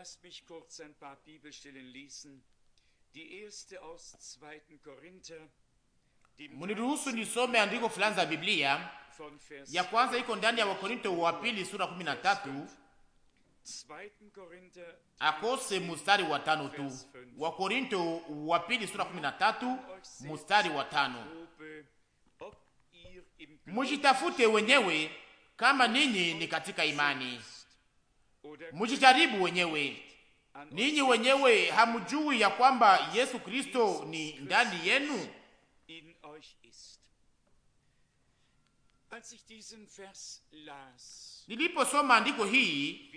Lasst mich kurz ein paar Bibelstellen lesen. Die erste aus 2. Korinther. Muniruhusu nisome andiko fulani za Biblia. Ya kwanza iko ndani ya Wakorinto wa pili sura 13 akose mustari wa tano tu. Wakorinto wa pili sura 13 mustari wa tano. Mujitafute wenyewe kama ninyi ni katika imani mujijaribu wenyewe. Ninyi wenyewe hamjui ya kwamba Yesu Kristo ni ndani yenu? Niliposoma andiko hii,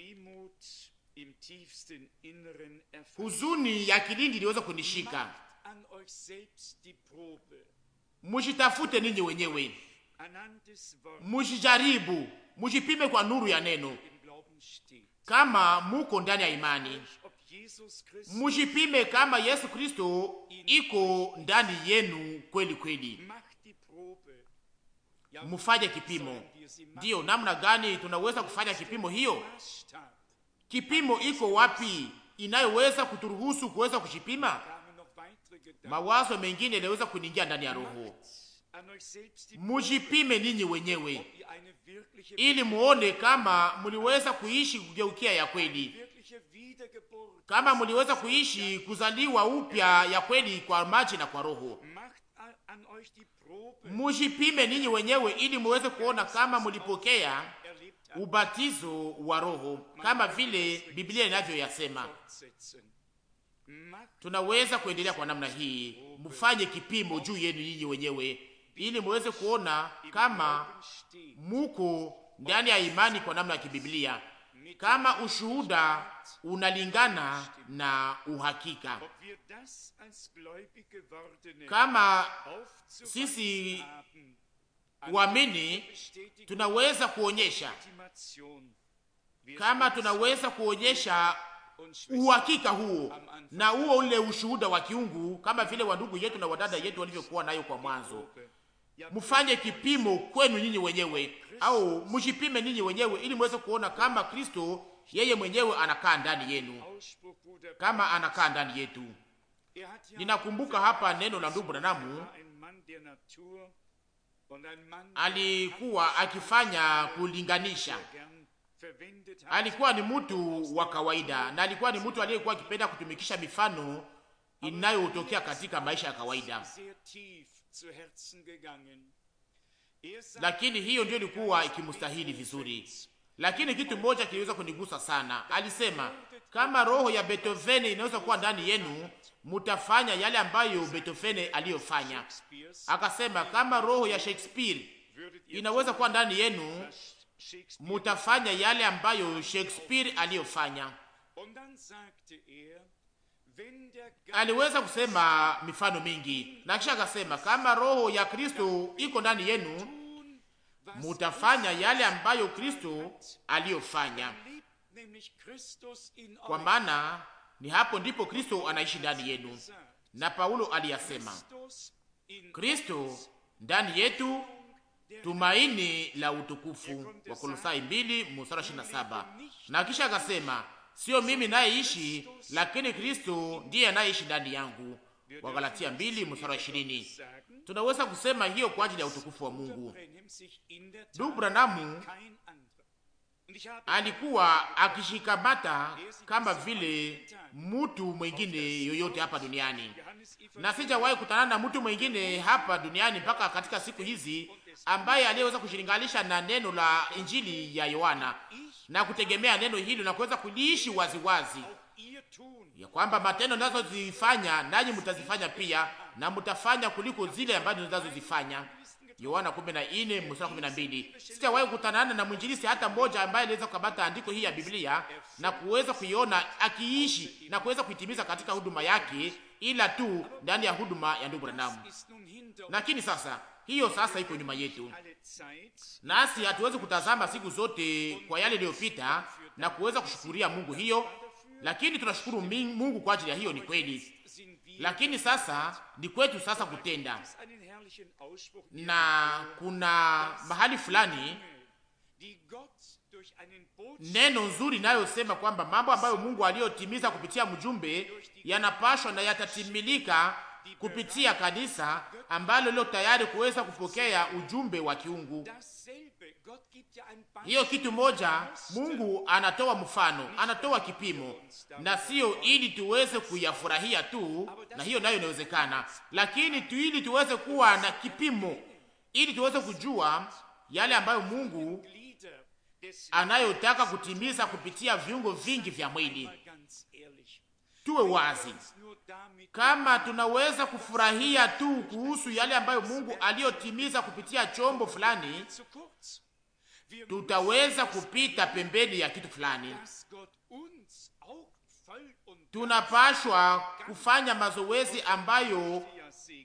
huzuni ya kilindi iliweza kunishika. Mujitafute ninyi wenyewe, mujijaribu, mujipime kwa nuru ya neno kama muko ndani ya imani, mujipime kama Yesu Kristo iko ndani yenu kweli kweli. Mufanye kipimo. Ndiyo, namna gani tunaweza kufanya kipimo hiyo? Kipimo iko wapi inayoweza kuturuhusu kuweza kujipima? Mawazo mengine yanaweza kuningia ndani ya roho mujipime ninyi wenyewe, oh, ili muone kama muliweza kuishi kugeukia ya kweli, kama muliweza kuishi kuzaliwa upya ya kweli kwa maji na kwa Roho. Mujipime ninyi wenyewe, ili muweze kuona er kama mulipokea er ubatizo wa Roho kama vile Biblia inavyoyasema. Tunaweza kuendelea kwa namna hii, mfanye kipimo juu yenu nyinyi wenyewe ili muweze kuona kama muko ndani ya imani kwa namna ya kibiblia, kama ushuhuda unalingana na uhakika, kama sisi waamini tunaweza kuonyesha kama tunaweza kuonyesha uhakika huo na huo ule ushuhuda wa kiungu kama vile wandugu yetu na wadada yetu walivyokuwa nayo kwa mwanzo, mufanye kipimo kwenu nyinyi wenyewe, au mujipime nyinyi wenyewe, ili muweze kuona kama Kristo yeye mwenyewe anakaa ndani yenu, kama anakaa ndani yetu. Ninakumbuka hapa neno la ndugu Branamu alikuwa akifanya kulinganisha. Alikuwa ni mtu wa kawaida na alikuwa ni mtu aliyekuwa akipenda kutumikisha mifano inayotokea katika maisha ya kawaida, Er lakini hiyo ndio ilikuwa ikimstahili vizuri. Lakini kitu moja kiliweza kunigusa sana, alisema kama roho ya Beethoven inaweza kuwa ndani yenu, mutafanya yale ambayo Beethoven aliyofanya. Akasema kama roho ya Shakespeare inaweza kuwa ndani yenu, mutafanya yale ambayo Shakespeare aliyofanya aliweza kusema mifano mingi, na kisha akasema kama roho ya Kristo iko ndani yenu, mutafanya yale ambayo Kristo aliyofanya, kwa maana ni hapo ndipo Kristo anaishi ndani yenu. Na Paulo aliyasema, Kristo ndani yetu, tumaini la utukufu, Wakolosai 2 mstari 27. Na kisha akasema sio mimi nayeishi, lakini Kristo ndiye anayeishi ndani yangu. Wagalatia mbili mstari ishirini. Tunaweza kusema hiyo kwa ajili ya utukufu wa Mungu. Ndugu Branamu alikuwa akishikamata kama vile mtu mwingine yoyote hapa duniani, na sijawahi kutana na mtu mwingine hapa duniani mpaka katika siku hizi ambaye aliyeweza kushilinganisha na neno la Injili ya Yohana na kutegemea neno hili na kuweza kuliishi waziwazi, ya kwamba matendo nazozifanya nanyi mtazifanya pia, na mtafanya kuliko zile ambazo ninazozifanya. Yohana 14 mstari 12. Sitawahi kukutanana na mwinjilisi hata mmoja ambaye aliweza kukamata andiko hii ya Biblia na kuweza kuiona akiishi na kuweza kuitimiza katika huduma yake, ila tu ndani ya huduma ya ndugu Branham. Lakini sasa hiyo sasa iko nyuma yetu, nasi hatuwezi kutazama siku zote kwa yale iliyopita na kuweza kushukuria Mungu hiyo, lakini tunashukuru Mungu kwa ajili ya hiyo. Ni kweli, lakini sasa ni kwetu sasa kutenda, na kuna mahali fulani neno nzuri inayosema kwamba mambo ambayo Mungu aliyotimiza kupitia mjumbe yanapashwa na yatatimilika kupitia kanisa ambalo lilo tayari kuweza kupokea ujumbe wa kiungu. Hiyo kitu moja, Mungu anatoa mfano, anatoa kipimo, na sio ili tuweze kuyafurahia tu, na hiyo nayo inawezekana, lakini tu ili tuweze kuwa na kipimo, ili tuweze kujua yale ambayo Mungu anayotaka kutimiza kupitia viungo vingi vya mwili. Tuwe wazi kama tunaweza kufurahia tu kuhusu yale ambayo Mungu aliyotimiza kupitia chombo fulani, tutaweza kupita pembeni ya kitu fulani. Tunapashwa kufanya mazoezi ambayo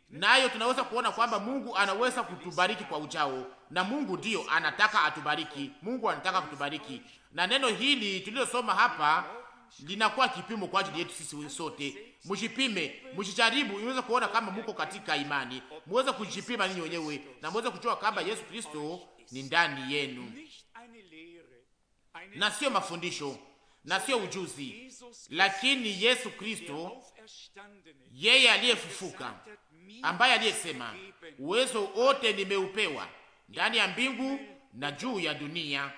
nayo tunaweza kuona kwamba Mungu anaweza kutubariki kwa ujao, na Mungu ndiyo anataka atubariki. Mungu anataka kutubariki, na neno hili tulilosoma hapa linakuwa kipimo kwa ajili yetu sisi sote. Mujipime, mujijaribu, iweze kuona kama muko katika imani, muweze kujipima ninyi wenyewe na muweze kujua kama Yesu Kristo ni ndani yenu, na sio mafundisho na sio ujuzi, lakini Yesu Kristo, yeye aliyefufuka, ambaye aliyesema uwezo wote nimeupewa ndani ya mbingu na juu ya dunia,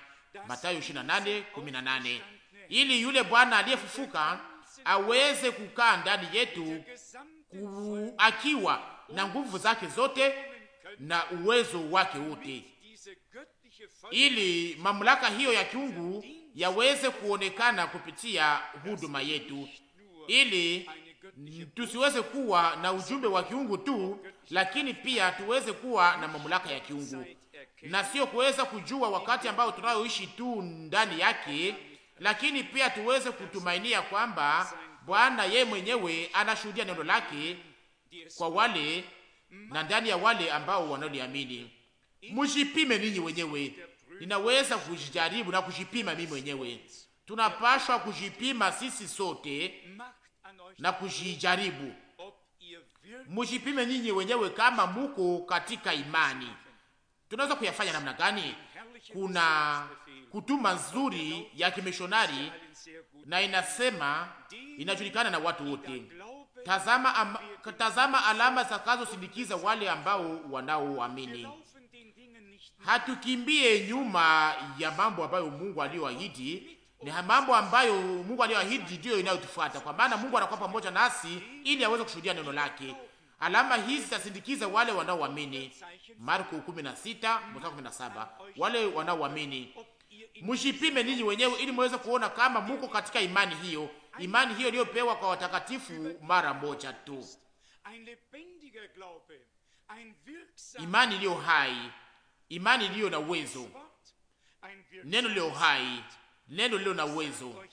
Mathayo 28:18 ili yule Bwana aliyefufuka aweze kukaa ndani yetu akiwa na nguvu zake zote na uwezo wake wote, ili mamlaka hiyo ya kiungu yaweze kuonekana kupitia huduma yetu, ili tusiweze kuwa na ujumbe wa kiungu tu, lakini pia tuweze kuwa na mamlaka ya kiungu na sio kuweza kujua wakati ambao tunayoishi tu ndani yake lakini pia tuweze kutumainia kwamba Bwana yeye mwenyewe anashuhudia neno lake kwa wale na ndani ya wale ambao wanaoliamini. Mujipime ninyi wenyewe, ninaweza kujijaribu na kujipima mimi mwenyewe. Tunapashwa kujipima sisi sote na kujijaribu. Mujipime ninyi wenyewe kama muko katika imani. Tunaweza kuyafanya namna gani? Kuna kutuma nzuri ya kimishonari, na inasema inajulikana na watu wote. Tazama, ama, tazama alama zitakazosindikiza wale ambao wanaoamini. Hatukimbie nyuma ya mambo ambayo Mungu aliyoahidi, ni mambo ambayo Mungu aliyoahidi ndiyo inayotufuata, kwa maana Mungu anakuwa pamoja nasi ili aweze kushuhudia neno lake. Alama hizi zitasindikiza wale wanaoamini, Marko 16:17 Wale wanaoamini mushipime ninyi wenyewe, ili muweze kuona kama muko katika imani hiyo, imani hiyo iliyopewa kwa watakatifu mara moja tu, imani iliyo hai, imani iliyo na uwezo, neno lililo hai, neno lililo na uwezo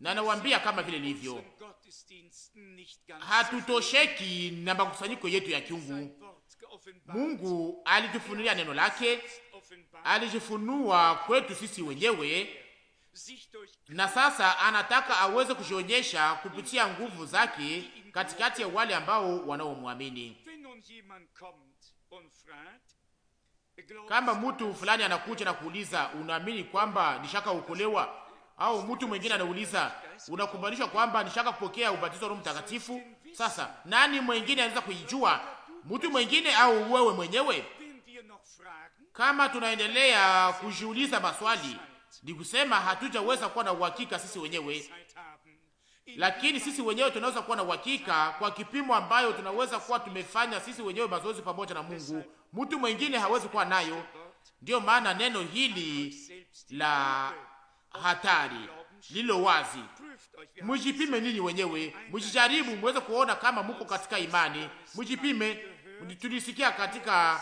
na nawaambia kama vile livyo, hatutosheki na makusanyiko yetu ya kiungu. Mungu alitufunulia neno lake alijifunua kwetu sisi wenyewe, na sasa anataka aweze kujionyesha kupitia nguvu zake katikati ya wale ambao wanaomwamini. Kama mtu fulani anakuja na kuuliza unaamini kwamba nishaka ukolewa, au mtu mwingine anauliza unakumbanishwa kwamba nishaka kupokea ubatizo wa Roho Mtakatifu, sasa nani mwingine anaweza kuijua? Mtu mwingine au wewe mwenyewe? Kama tunaendelea kujiuliza maswali, ni kusema hatujaweza kuwa na uhakika sisi wenyewe, lakini sisi wenyewe tunaweza kuwa na uhakika kwa kipimo ambayo tunaweza kuwa tumefanya sisi wenyewe mazoezi pamoja na Mungu. Mtu mwingine hawezi kuwa nayo. Ndiyo maana neno hili la hatari lilo wazi, mujipime ninyi wenyewe, mujijaribu, muweze kuona kama muko katika imani. Mujipime. Tulisikia katika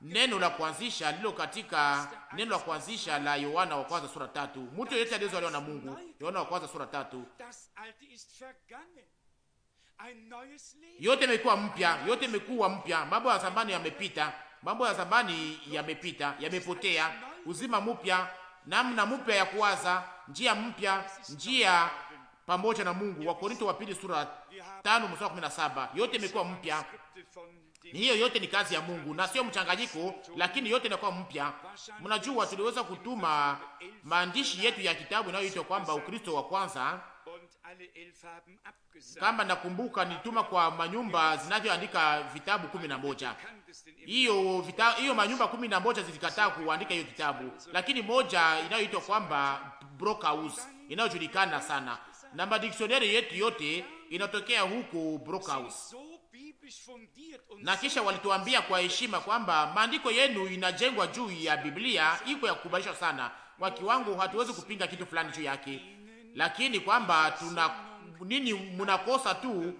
neno la kuanzisha lilo katika neno la kuanzisha la Yohana wa kwanza sura tatu. Mtu yeyote aliyezaliwa na Mungu, Yohana wa kwanza sura tatu, yote imekuwa mpya, yote imekuwa mpya. Mambo ya zamani yamepita, mambo ya zamani yamepita, yamepotea. Uzima mpya, namna mpya ya kuwaza, njia mpya, njia pamoja na Mungu. Wakorinto wa pili sura tano mstari wa 17, yote imekuwa mpya hiyo yote ni kazi ya Mungu na sio mchanganyiko, lakini yote inakuwa mpya. Mnajua, tuliweza kutuma maandishi yetu ya kitabu inayoitwa kwamba Ukristo wa kwanza. Kama nakumbuka, nilituma kwa manyumba zinavyoandika vitabu kumi na moja. Hiyo hiyo manyumba kumi na moja zilikataa kuandika hiyo kitabu, lakini moja inayoitwa kwamba Broker House inayojulikana sana na madiksioneri yetu yote inatokea huko Broker House na kisha walituambia kwa heshima kwamba maandiko yenu inajengwa juu ya Biblia, iko ya kukubalishwa sana kwa kiwango, hatuwezi kupinga kitu fulani juu yake, lakini kwamba tuna nini, mnakosa tu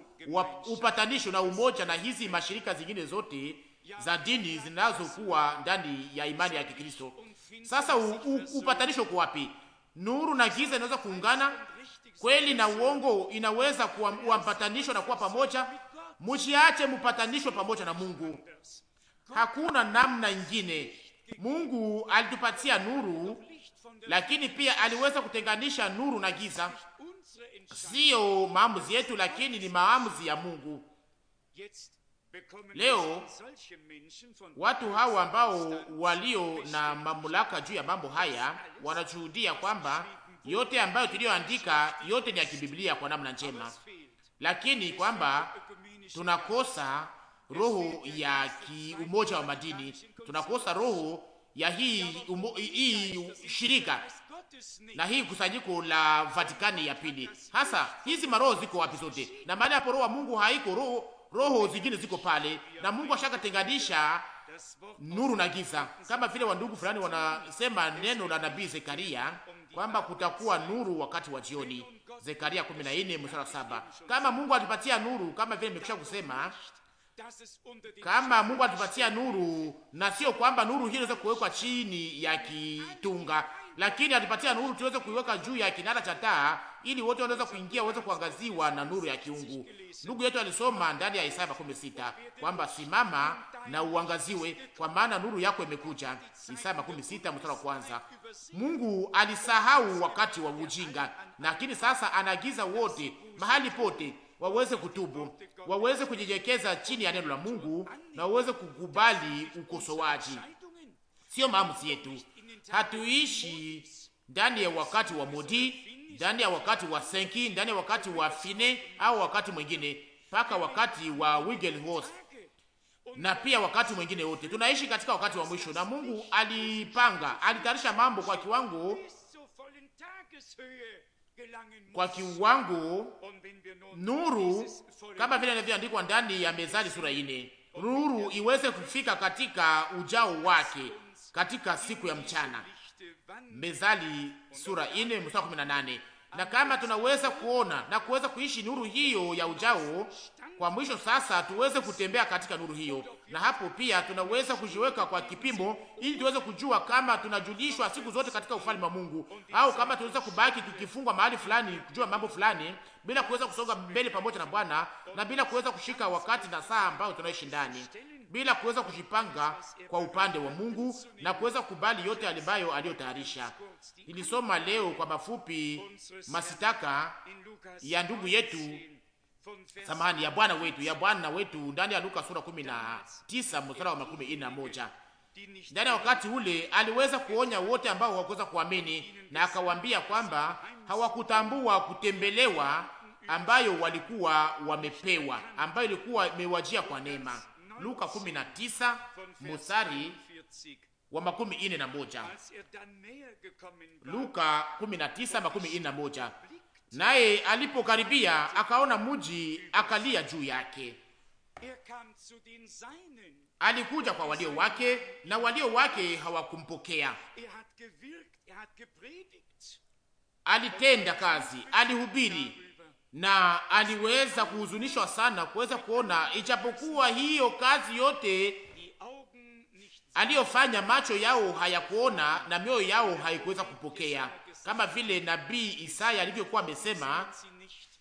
upatanisho na umoja na hizi mashirika zingine zote za dini zinazokuwa ndani ya imani ya Kikristo. Sasa u, u, upatanisho uko wapi? Nuru na giza inaweza kuungana kweli, na uongo inaweza kuwa na kuwa pamoja mushiache mupatanishwe pamoja na Mungu. Hakuna namna ingine. Mungu alitupatia nuru, lakini pia aliweza kutenganisha nuru na giza. Siyo maamuzi yetu, lakini ni maamuzi ya Mungu. Leo watu hawa ambao walio na mamlaka juu ya mambo haya wanashuhudia kwamba yote ambayo tuliyoandika yote ni ya kibiblia kwa namna njema, lakini kwamba tunakosa roho ya umoja wa madini, tunakosa roho ya hii, umo, hii shirika na hii kusanyiko la Vatikani ya pili. Hasa hizi maroho ziko wapi zote? Na maana hapo roho wa Mungu haiko, roho roho zingine ziko pale, na Mungu ashakatenganisha nuru na giza, kama vile wandugu fulani wanasema neno la nabii Zekaria kwamba kutakuwa nuru wakati wa jioni. Zekaria 14 mstari saba. Kama Mungu alipatia nuru, kama vile nimekwisha kusema, kama Mungu alipatia nuru, na sio kwamba nuru hiyo inaweza kuwekwa chini ya kitunga, lakini alipatia nuru tuweze kuiweka juu ya kinara cha taa, ili wote wanaweza kuingia waweze kuangaziwa na nuru ya kiungu. Ndugu yetu alisoma ndani ya Isaya makumi sita kwamba simama na uangaziwe, kwa maana nuru yako imekuja. Isaya makumi sita mstari wa kwanza. Mungu alisahau wakati wa ujinga, lakini sasa anaagiza wote mahali pote waweze kutubu, waweze kujinyekeza chini ya neno la Mungu na waweze kukubali ukosoaji, sio maamuzi yetu hatuishi ndani ya wakati wa modi, ndani ya wakati wa senki, ndani ya wakati wa fine au wakati mwingine, mpaka wakati wa Wigelhorst na pia wakati mwingine wote tunaishi katika wakati wa mwisho, na Mungu alipanga, alitarisha mambo kwa kiwango kwa kiwango nuru, kama vile inavyoandikwa ndani ya Mezali sura ine, nuru iweze kufika katika ujao wake katika siku ya mchana. Mezali sura ine mstari kumi na nane. Na kama tunaweza kuona na kuweza kuishi nuru hiyo ya ujao kwa mwisho, sasa tuweze kutembea katika nuru hiyo, na hapo pia tunaweza kujiweka kwa kipimo, ili tuweze kujua kama tunajulishwa siku zote katika ufalme wa Mungu, au kama tunaweza kubaki tukifungwa mahali fulani, kujua mambo fulani, bila kuweza kusonga mbele pamoja na Bwana na bila kuweza kushika wakati na saa ambayo tunaishi ndani bila kuweza kujipanga kwa upande wa Mungu na kuweza kubali yote alibayo aliyotayarisha. Nilisoma leo kwa mafupi masitaka ya ndugu yetu samani ya Bwana wetu ya Bwana wetu ndani ya Luka sura 19 mstari wa makumi moja. Ndani ya wakati ule aliweza kuonya wote ambao hawakuweza kuamini, na akawaambia kwamba hawakutambua kutembelewa ambayo walikuwa wamepewa, ambayo ilikuwa imewajia kwa neema. Luka 19 mstari wa makumi ine na moja. Er Luka 19 makumi ine na moja. Er Naye alipokaribia akaona muji, akalia juu yake. Er Alikuja kwa walio wake na walio wake hawakumpokea. Alitenda kazi, alihubiri na aliweza kuhuzunishwa sana kuweza kuona, ijapokuwa hiyo kazi yote aliyofanya, macho yao hayakuona na mioyo yao haikuweza kupokea, kama vile nabii Isaya alivyokuwa amesema,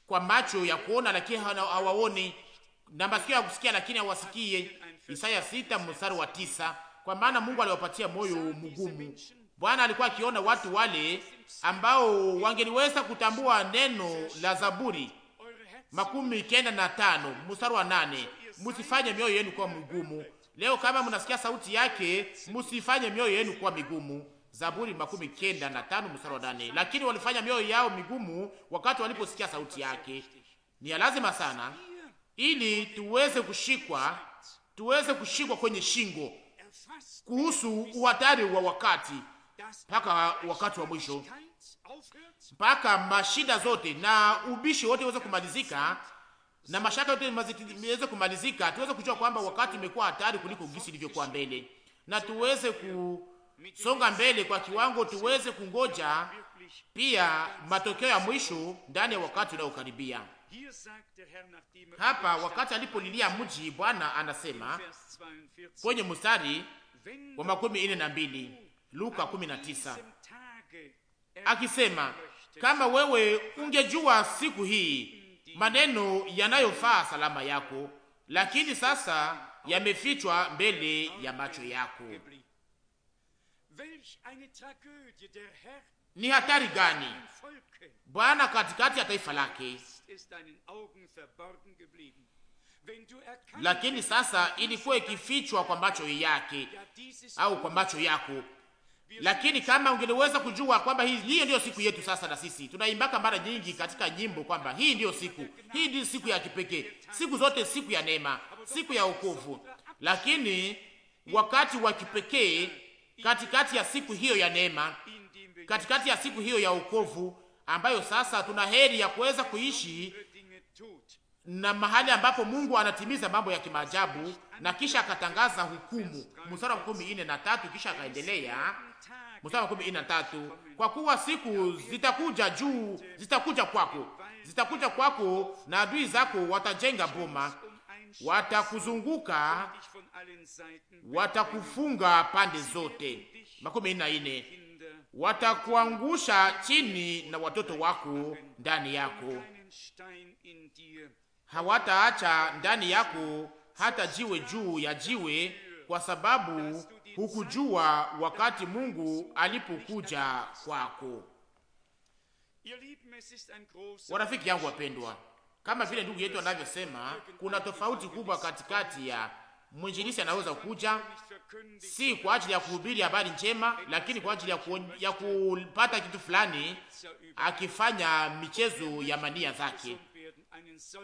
kwa macho ya kuona lakini hawaoni, na masikio ya kusikia lakini hawasikie. Isaya sita mstari wa tisa. Kwa maana Mungu aliwapatia moyo mgumu. Bwana alikuwa akiona watu wale ambao wangeliweza kutambua neno la Zaburi makumi kenda na tano mstari wa nane musifanye mioyo yenu kuwa migumu. Leo kama mnasikia sauti yake, musifanye mioyo yenu kuwa migumu. Zaburi makumi kenda na tano mstari wa nane. Lakini walifanya mioyo yao migumu wakati waliposikia sauti yake. Ni ya lazima sana ili tuweze kushikwa, tuweze kushikwa kwenye shingo kuhusu uhatari wa wakati mpaka wakati wa mwisho, mpaka mashida zote na ubishi wote uweze kumalizika na mashaka yote yaweze kumalizika, tuweze kujua kwamba wakati umekuwa hatari kuliko gisi ilivyokuwa mbele, na tuweze kusonga mbele kwa kiwango, tuweze kungoja pia matokeo ya mwisho ndani ya wakati unaokaribia. Hapa wakati alipolilia mji, Bwana anasema kwenye mstari wa makumi ine na mbili Luka 19 akisema, kama wewe ungejua siku hii maneno yanayofaa salama yako, lakini sasa yamefichwa mbele ya macho yako. Ni hatari gani Bwana katikati ya taifa lake! Lakini sasa ilikuwa ikifichwa kwa macho yake au kwa macho yako, lakini kama ungeliweza kujua kwamba hii hiyo ndiyo siku yetu sasa, na sisi tunaimbaka mara nyingi katika nyimbo kwamba hii ndiyo siku, hii ndiyo siku ya kipekee, siku zote, siku ya neema, siku ya wokovu. Lakini wakati wa kipekee katikati ya siku hiyo ya neema, katikati ya siku hiyo ya wokovu, ambayo sasa tuna heri ya kuweza kuishi na mahali ambapo Mungu anatimiza mambo ya kimaajabu, na kisha akatangaza hukumu, mstari wa kumi na tatu, kisha akaendelea mstari wa kumi na tatu kwa kuwa siku zitakuja juu, zitakuja kwako, zitakuja kwako, na adui zako watajenga boma, watakuzunguka, watakufunga pande zote. makumi na ine watakuangusha chini na watoto wako ndani yako, hawataacha ndani yako hata jiwe juu ya jiwe, kwa sababu hukujua wakati Mungu alipokuja kwako. Warafiki yangu wapendwa, kama vile ndugu yetu anavyosema, kuna tofauti kubwa katikati ya mwinjilisi anaweza kuja si kwa ajili ya kuhubiri habari njema, lakini kwa ajili ya, ku, ya kupata kitu fulani, akifanya michezo ya mania zake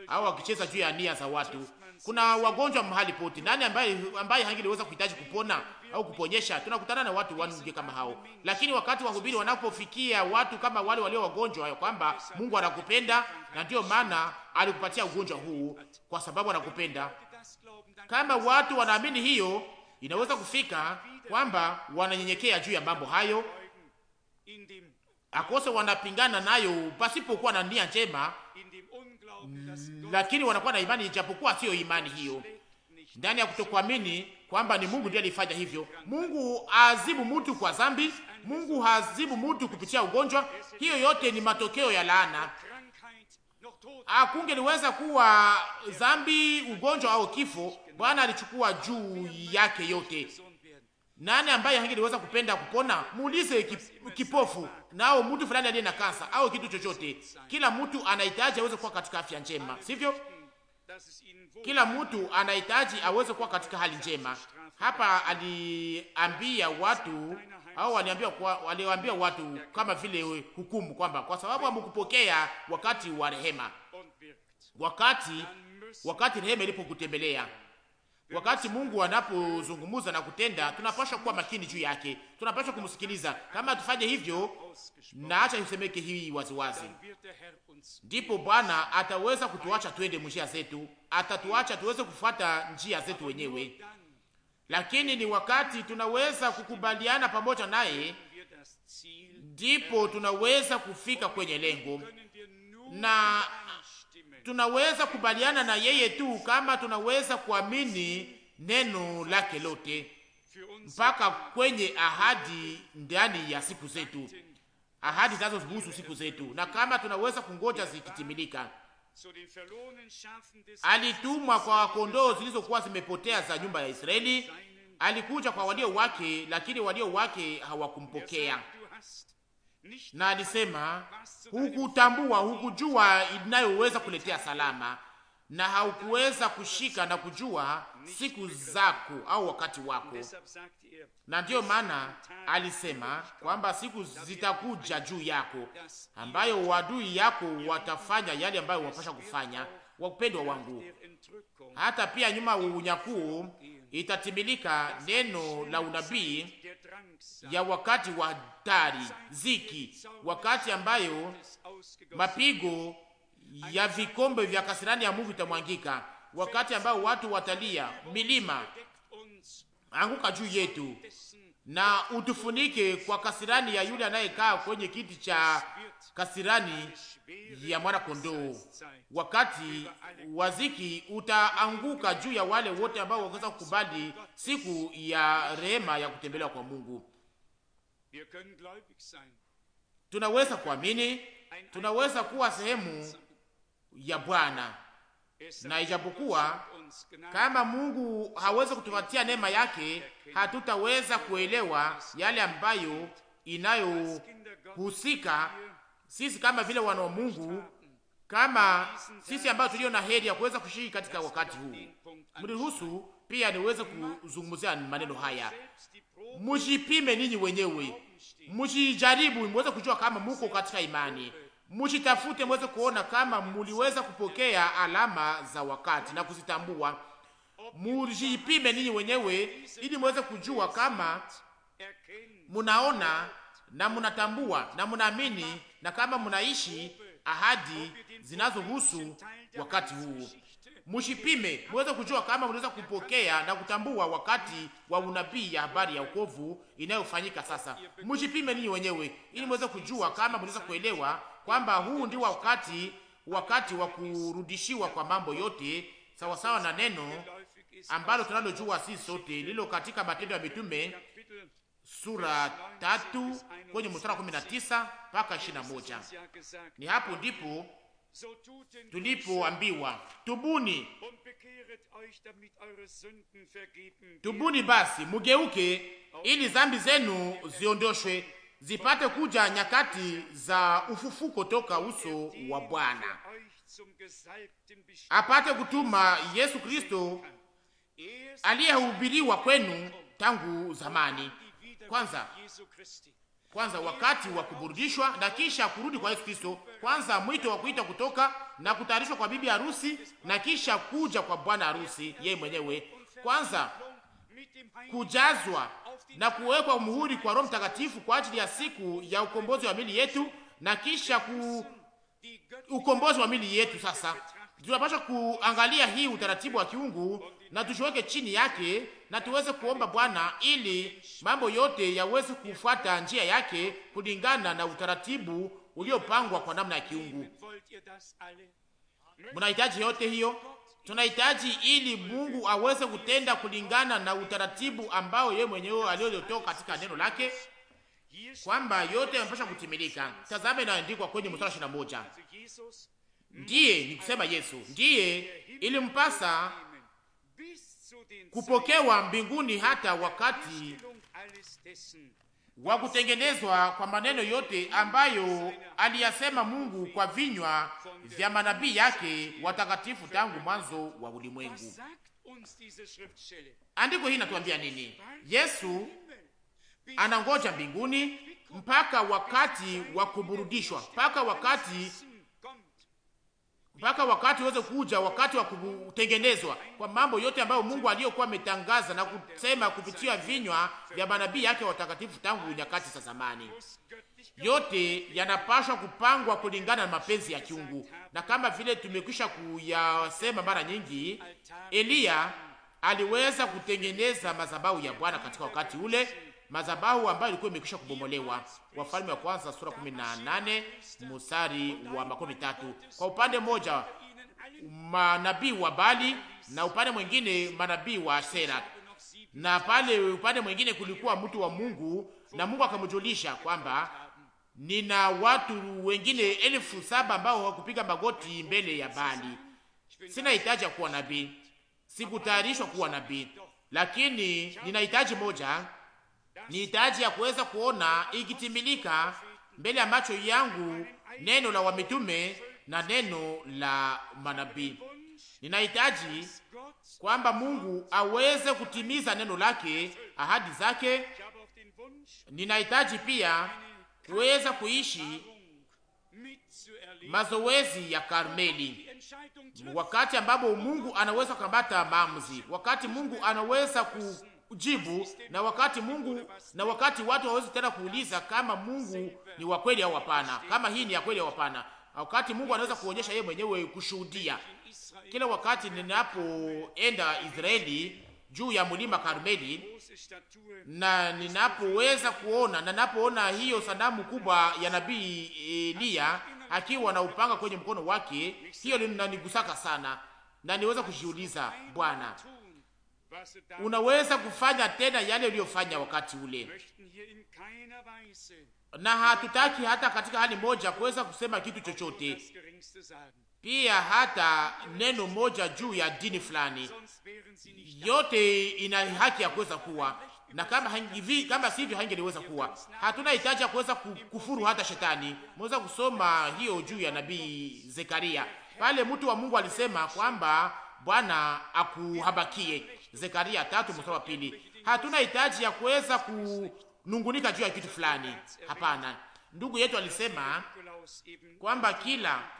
au wakicheza juu ya nia za watu. Kuna wagonjwa mahali pote. Nani ambaye ambaye hangeweza kuhitaji kupona au kuponyesha? Tunakutana na watu wanunge kama hao, lakini wakati wahubiri wanapofikia watu kama wale walio wagonjwa, ya kwamba Mungu anakupenda na ndiyo maana alikupatia ugonjwa huu, kwa sababu anakupenda. Kama watu wanaamini hiyo, inaweza kufika kwamba wananyenyekea juu ya mambo hayo, akose wanapingana nayo pasipokuwa na nia njema lakini wanakuwa na imani ijapokuwa siyo imani hiyo, ndani ya kutokuamini kwamba ni Mungu ndiye alifanya hivyo. Mungu haazibu mtu kwa dhambi, Mungu haazibu mtu kupitia ugonjwa. Hiyo yote ni matokeo ya laana. Hakungeliweza kuwa dhambi, ugonjwa au kifo, Bwana alichukua juu yake yote nani ambaye hangeliweza kupenda kupona? Muulize kipofu, nao mtu fulani aliye na kansa au kitu chochote. Kila mtu anahitaji aweze kuwa katika afya njema, sivyo? Kila mtu anahitaji aweze kuwa katika hali njema. Hapa aliambia watu au aliambia aliwaambia watu kama vile hukumu kwamba kwa sababu hamkupokea wakati wa rehema, wakati wakati rehema ilipokutembelea Wakati Mungu anapozungumza na kutenda, tunapaswa kuwa makini juu yake, tunapaswa kumsikiliza. Kama tufanye hivyo, na acha isemeke hii waziwazi, ndipo Bwana ataweza kutuacha twende njia zetu, atatuacha tuweze kufuata njia zetu wenyewe. Lakini ni wakati tunaweza kukubaliana pamoja naye, ndipo tunaweza kufika kwenye lengo na tunaweza kubaliana na yeye tu kama tunaweza kuamini neno lake lote mpaka kwenye ahadi ndani ya siku zetu, ahadi zinazohusu siku zetu, na kama tunaweza kungoja zikitimilika. Alitumwa kwa kondoo zilizokuwa zimepotea za nyumba ya Israeli. Alikuja kwa walio wake, lakini walio wake hawakumpokea na alisema hukutambua, hukujua inayoweza kuletea salama, na haukuweza kushika na kujua siku zako au wakati wako. Na ndiyo maana alisema kwamba siku zitakuja juu yako, ambayo wadui yako watafanya yale ambayo wanapasha kufanya. Wapendwa wangu, hata pia nyuma unyakuo itatimilika neno la unabii ya wakati wa hatari, ziki, wakati ambayo mapigo ya vikombe vya kasirani ya muvi itamwangika, wakati ambayo watu watalia, milima anguka juu yetu, na utufunike kwa kasirani ya yule anayekaa kwenye kiti cha kasirani ya mwanakondoo. Wakati waziki utaanguka juu ya wale wote ambao wangeweza kukubali siku ya rehema ya kutembelewa kwa Mungu. Tunaweza kuamini, tunaweza kuwa sehemu ya Bwana na ijapokuwa kama Mungu hawezi kutupatia neema yake, hatutaweza kuelewa yale ambayo inayohusika sisi kama vile wana wa Mungu, kama sisi ambayo tulio na heri ya kuweza kushiriki katika wakati huu. Mniruhusu pia niweze kuzungumzia maneno haya. Mujipime ninyi wenyewe, mujijaribu, mweze kujua kama muko katika imani mujitafute mweze kuona kama muliweza kupokea alama za wakati na kuzitambua. mujipime ninyi wenyewe ili mweze kujua kama munaona na munatambua na munaamini na kama munaishi ahadi zinazohusu wakati huu. Mushipime muweze kujua kama mnaweza kupokea na kutambua wakati wa unabii ya habari ya wokovu inayofanyika sasa. Mujipime ninyi wenyewe ili muweze kujua kama mnaweza kuelewa kwamba huu ndio wakati wakati wa kurudishiwa kwa mambo yote sawasawa na neno ambalo tunalojua sisi sote lilo katika Matendo ya Mitume sura tatu kwenye mstari kumi na tisa mpaka ishirini na moja. Ni hapo ndipo tulipoambiwa tubuni, tubuni basi mugeuke, ili zambi zenu ziondoshwe zipate kuja nyakati za ufufuko toka uso wa Bwana, apate kutuma Yesu Kristo aliyehubiriwa kwenu tangu zamani. Kwanza kwanza wakati wa kuburudishwa na kisha kurudi kwa Yesu Kristo. Kwanza mwito wa kuita kutoka na kutayarishwa kwa bibi harusi na kisha kuja kwa bwana harusi yeye mwenyewe. Kwanza kujazwa na kuwekwa muhuri kwa Roho Mtakatifu kwa ajili ya siku ya ukombozi wa mili yetu na kisha ku ukombozi wa mili yetu. Sasa tunapaswa kuangalia hii utaratibu wa kiungu na tushoweke chini yake na tuweze kuomba Bwana ili mambo yote yaweze kufuata njia yake kulingana na utaratibu uliopangwa kwa namna ya kiungu. Mnahitaji yote hiyo? tunahitaji ili Mungu aweze kutenda kulingana na utaratibu ambao yeye mwenyewe aliyotoa katika neno lake kwamba yote yanapaswa kutimilika. Tazama, inaandikwa kwenye mstari wa ndiye ni kusema Yesu ndiye ilimpasa kupokewa mbinguni hata wakati wa kutengenezwa kwa maneno yote ambayo aliyasema Mungu kwa vinywa vya manabii yake watakatifu tangu mwanzo wa ulimwengu. Andiko hii inatuambia nini? Yesu anangoja mbinguni mpaka wakati wa kuburudishwa, mpaka wakati mpaka wakati uweze kuja, wakati wa kutengenezwa kwa mambo yote ambayo Mungu aliyokuwa ametangaza na kusema kupitia vinywa vya manabii yake watakatifu tangu nyakati za zamani. Yote yanapashwa kupangwa kulingana na mapenzi ya kiungu, na kama vile tumekwisha kuyasema mara nyingi, Eliya aliweza kutengeneza madhabahu ya Bwana katika wakati ule mazabahu ambayo ilikuwa imekwisha kubomolewa. Wafalme wa kwanza sura 18 musari wa makumi tatu. Kwa upande mmoja manabii wa Bali na upande mwingine manabii wa sera na pale upande mwingine kulikuwa mtu wa Mungu na Mungu akamjulisha kwamba nina watu wengine elfu saba ambao hawakupiga magoti mbele ya Bali. Sina hitaji ya kuwa nabii, sikutayarishwa kuwa nabii, lakini ninahitaji moja ni hitaji ya kuweza kuona ikitimilika mbele ya macho yangu neno la wamitume na neno la manabii. Ninahitaji kwamba Mungu aweze kutimiza neno lake, ahadi zake. Ninahitaji pia kuweza kuishi mazoezi ya Karmeli, wakati ambapo Mungu anaweza kukamata maamuzi, wakati Mungu anaweza ku kujibu, na wakati Mungu na wakati watu hawawezi tena kuuliza kama Mungu ni wa kweli au hapana, kama hii ni ya kweli au hapana. Wakati Mungu anaweza kuonyesha yeye mwenyewe, kushuhudia. Kila wakati ninapoenda Israeli juu ya mlima Karmeli na ninapoweza kuona na ninapoona hiyo sanamu kubwa ya nabii Eliya akiwa na upanga kwenye mkono wake, hiyo linanigusaka sana, na niweza kujiuliza Bwana, unaweza kufanya tena yale uliyofanya wakati ule, na hatutaki hata katika hali moja kuweza kusema kitu chochote, pia hata neno moja juu ya dini fulani. Yote ina haki ya kuweza kuwa na kama hivi, kama sivyo hangeliweza kuwa. Hatuna hitaji ya kuweza kufuru hata shetani. Mweza kusoma hiyo juu ya nabii Zekaria pale, mtu wa Mungu alisema kwamba Bwana akuhabakie Zekaria tatu mstari wa pili. Hatuna hitaji ya kuweza kunungunika juu ya kitu fulani, hapana. Ndugu yetu alisema kwamba kila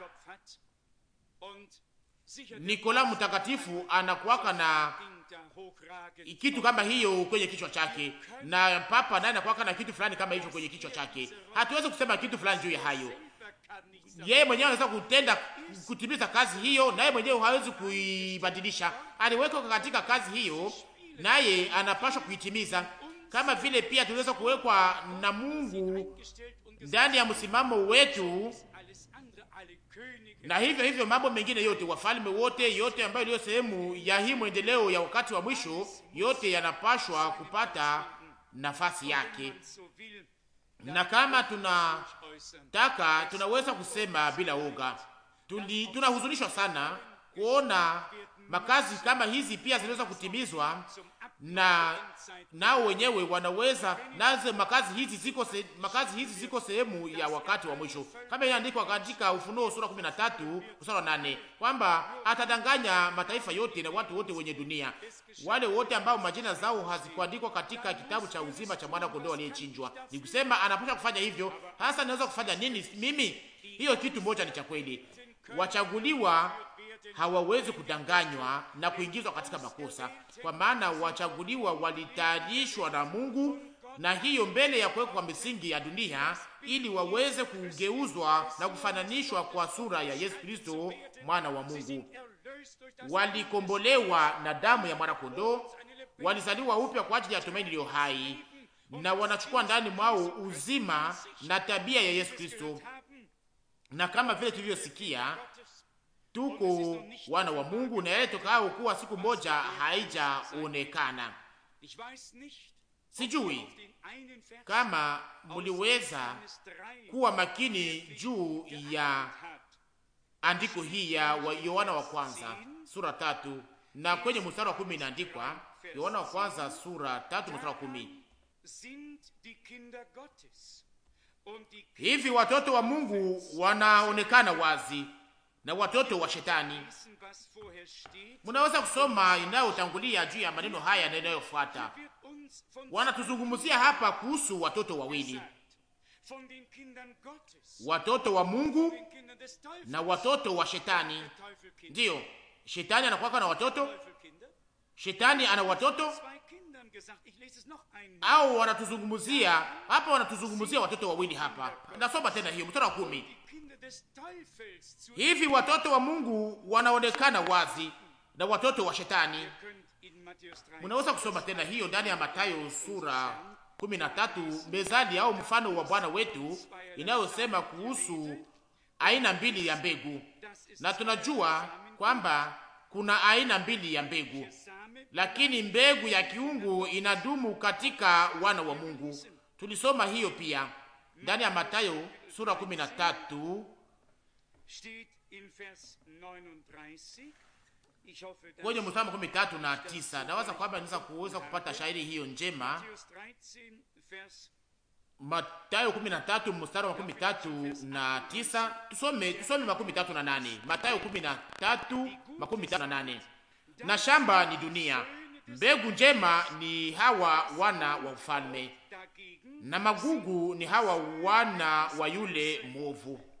Nikola mtakatifu anakuwaka na kitu kama hiyo kwenye kichwa chake, na papa naye anakuwaka na kitu fulani kama hicho kwenye kichwa chake. Hatuwezi kusema kitu fulani juu ya hayo yeye mwenyewe anaweza kutenda kutimiza kazi hiyo, naye mwenyewe hawezi kuibadilisha. Aliwekwa katika kazi hiyo, naye anapaswa kuitimiza, kama vile pia tunaweza kuwekwa na Mungu ndani ya msimamo wetu, na hivyo hivyo mambo mengine yote, wafalme wote, yote ambayo iliyo sehemu ya hii mwendeleo ya wakati wa mwisho, yote yanapashwa kupata nafasi yake na kama tunataka tunaweza kusema bila uga Tunahuzunishwa sana kuona makazi kama hizi pia zinaweza kutimizwa na nao wenyewe wanaweza naze, makazi hizi ziko se, makazi hizi ziko sehemu ya wakati wa mwisho, kama inaandikwa katika Ufunuo sura 13 mstari wa 8 kwamba atadanganya mataifa yote na watu wote wenye dunia, wale wote ambao majina zao hazikuandikwa katika kitabu cha uzima cha mwana kondoo aliyechinjwa. kusema anapasha kufanya hivyo hasa, naweza kufanya nini mimi? Hiyo kitu moja ni cha kweli, wachaguliwa hawawezi kudanganywa na kuingizwa katika makosa, kwa maana wachaguliwa walitayarishwa na Mungu, na hiyo mbele ya kuwekwa kwa misingi ya dunia, ili waweze kugeuzwa na kufananishwa kwa sura ya Yesu Kristo mwana wa Mungu. Walikombolewa na damu ya kondoo, walizaliwa upya kwa ajili ya tumaini iliyo hai, na wanachukua ndani mwao uzima na tabia ya Yesu Kristo, na kama vile tulivyosikia tuko wana wa Mungu na yayetokao kuwa siku moja haijaonekana. Sijui kama muliweza kuwa makini juu ya andiko hii ya Yohana wa kwanza sura tatu na kwenye mstari wa kumi inaandikwa, Yohana wa kwanza sura tatu mstari wa kumi hivi watoto wa Mungu wanaonekana wazi na watoto wa Shetani. Munaweza kusoma inayotangulia juu ya maneno haya na inayofuata. Wanatuzungumzia hapa kuhusu watoto wawili, watoto wa Mungu na watoto wa Shetani. Ndiyo, Shetani anakuwaka na watoto, Shetani ana watoto au wanatuzungumzia hapa, wanatuzungumzia watoto wawili hapa. Nasoma tena hiyo mstari wa kumi. Hivi watoto wa Mungu wanaonekana wazi na watoto wa Shetani. Munaweza kusoma tena hiyo ndani ya Mathayo sura 13, mezali au mfano wa Bwana wetu inayosema kuhusu aina mbili ya mbegu, na tunajua kwamba kuna aina mbili ya mbegu, lakini mbegu ya kiungu inadumu katika wana wa Mungu. Tulisoma hiyo pia ndani ya Mathayo sura tatu kwenye mstari makumi tatu na tisa nawaza kwamba niweza kuweza kupata shairi hiyo njema. Matayo kumi na tatu mstari wa makumi tatu na tisa tusome, tusome makumi tatu na nane Matayo kumi na tatu makumi tatu na nane na shamba ni dunia, mbegu njema ni hawa wana wa ufalme, na magugu ni hawa wana wa yule mwovu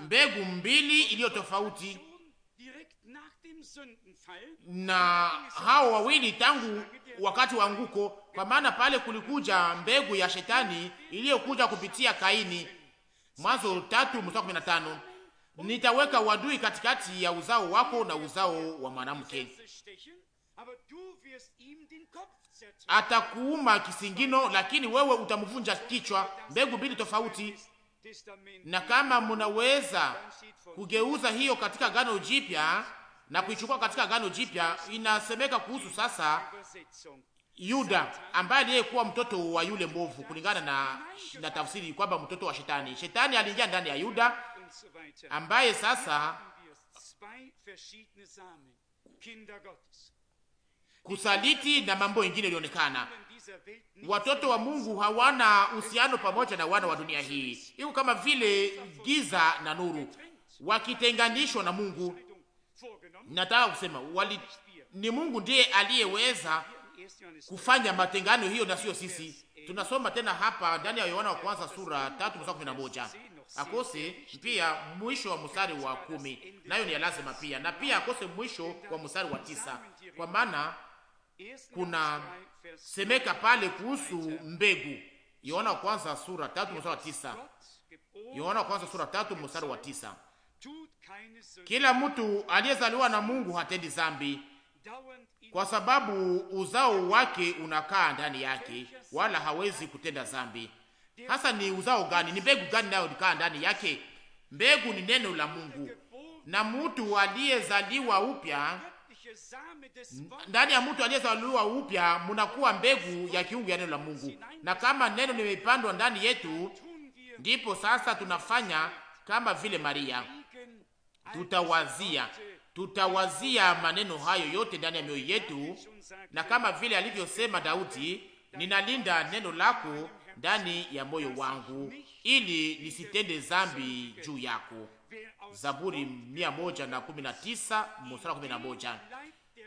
mbegu mbili iliyo tofauti, na um hao wawili tangu wakati wa nguko kwa maana pale kulikuja mbegu ya shetani iliyokuja kupitia Kaini. Mwanzo tatu mstari tano nitaweka wadui katikati ya uzao wako na uzao wa mwanamke, atakuuma kisingino, lakini wewe utamvunja kichwa. Mbegu mbili tofauti na kama munaweza kugeuza hiyo katika gano jipya na kuichukua katika gano jipya, inasemeka kuhusu sasa Yuda ambaye aliyekuwa mtoto wa yule mbovu, kulingana na, na tafsiri kwamba mtoto wa shetani. Shetani aliingia ndani ya Yuda ambaye sasa kusaliti na mambo mengine ilionekana. Watoto wa Mungu hawana uhusiano pamoja na wana wa dunia hii, iko kama vile giza na nuru, wakitenganishwa na Mungu. Nataka kusema wali, ni Mungu ndiye aliyeweza kufanya matengano hiyo na sio sisi. Tunasoma tena hapa ndani ya Yohana wa kwanza sura 3 mstari kumi akose pia mwisho wa mstari wa kumi nayo ni lazima pia na pia akose mwisho wa mstari wa tisa kwa maana kuna semeka pale kuhusu mbegu. Yohana kwanza sura tatu mstari wa tisa. Yohana kwanza sura tatu mstari wa tisa. Kila mtu aliyezaliwa na Mungu hatendi zambi, kwa sababu uzao wake unakaa ndani yake, wala hawezi kutenda zambi. Hasa ni uzao gani? Ni mbegu gani nayo ikaa ndani yake? Mbegu ni neno la Mungu, na mtu aliyezaliwa upya ndani ya mtu aliyezaliwa upya munakuwa mbegu ya kiungu ya neno la Mungu, na kama neno limepandwa ndani yetu, ndipo sasa tunafanya kama vile Maria, tutawazia tutawazia maneno hayo yote ndani ya mioyo yetu, na kama vile alivyosema Daudi, ninalinda neno lako ndani ya moyo wangu, ili nisitende zambi juu yako. Zaburi mia moja na kumi na tisa mstari kumi na moja.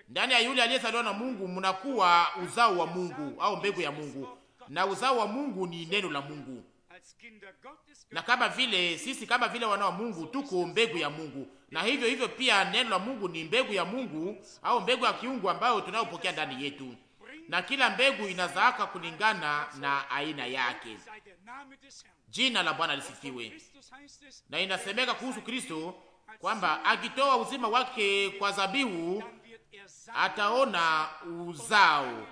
Ndani ya yule aliyezaliwa na Mungu mnakuwa uzao wa Mungu au mbegu ya Mungu, na uzao wa Mungu ni neno la Mungu. Na kama vile sisi kama vile wana wa Mungu tuko mbegu ya Mungu, na hivyo hivyo pia neno la Mungu ni mbegu ya Mungu au mbegu ya kiungu ambayo tunayopokea ndani yetu, na kila mbegu inazaaka kulingana na aina yake. Jina la Bwana lisifiwe. Na inasemeka kuhusu Kristo kwamba akitoa uzima wake kwa zabihu ataona uzao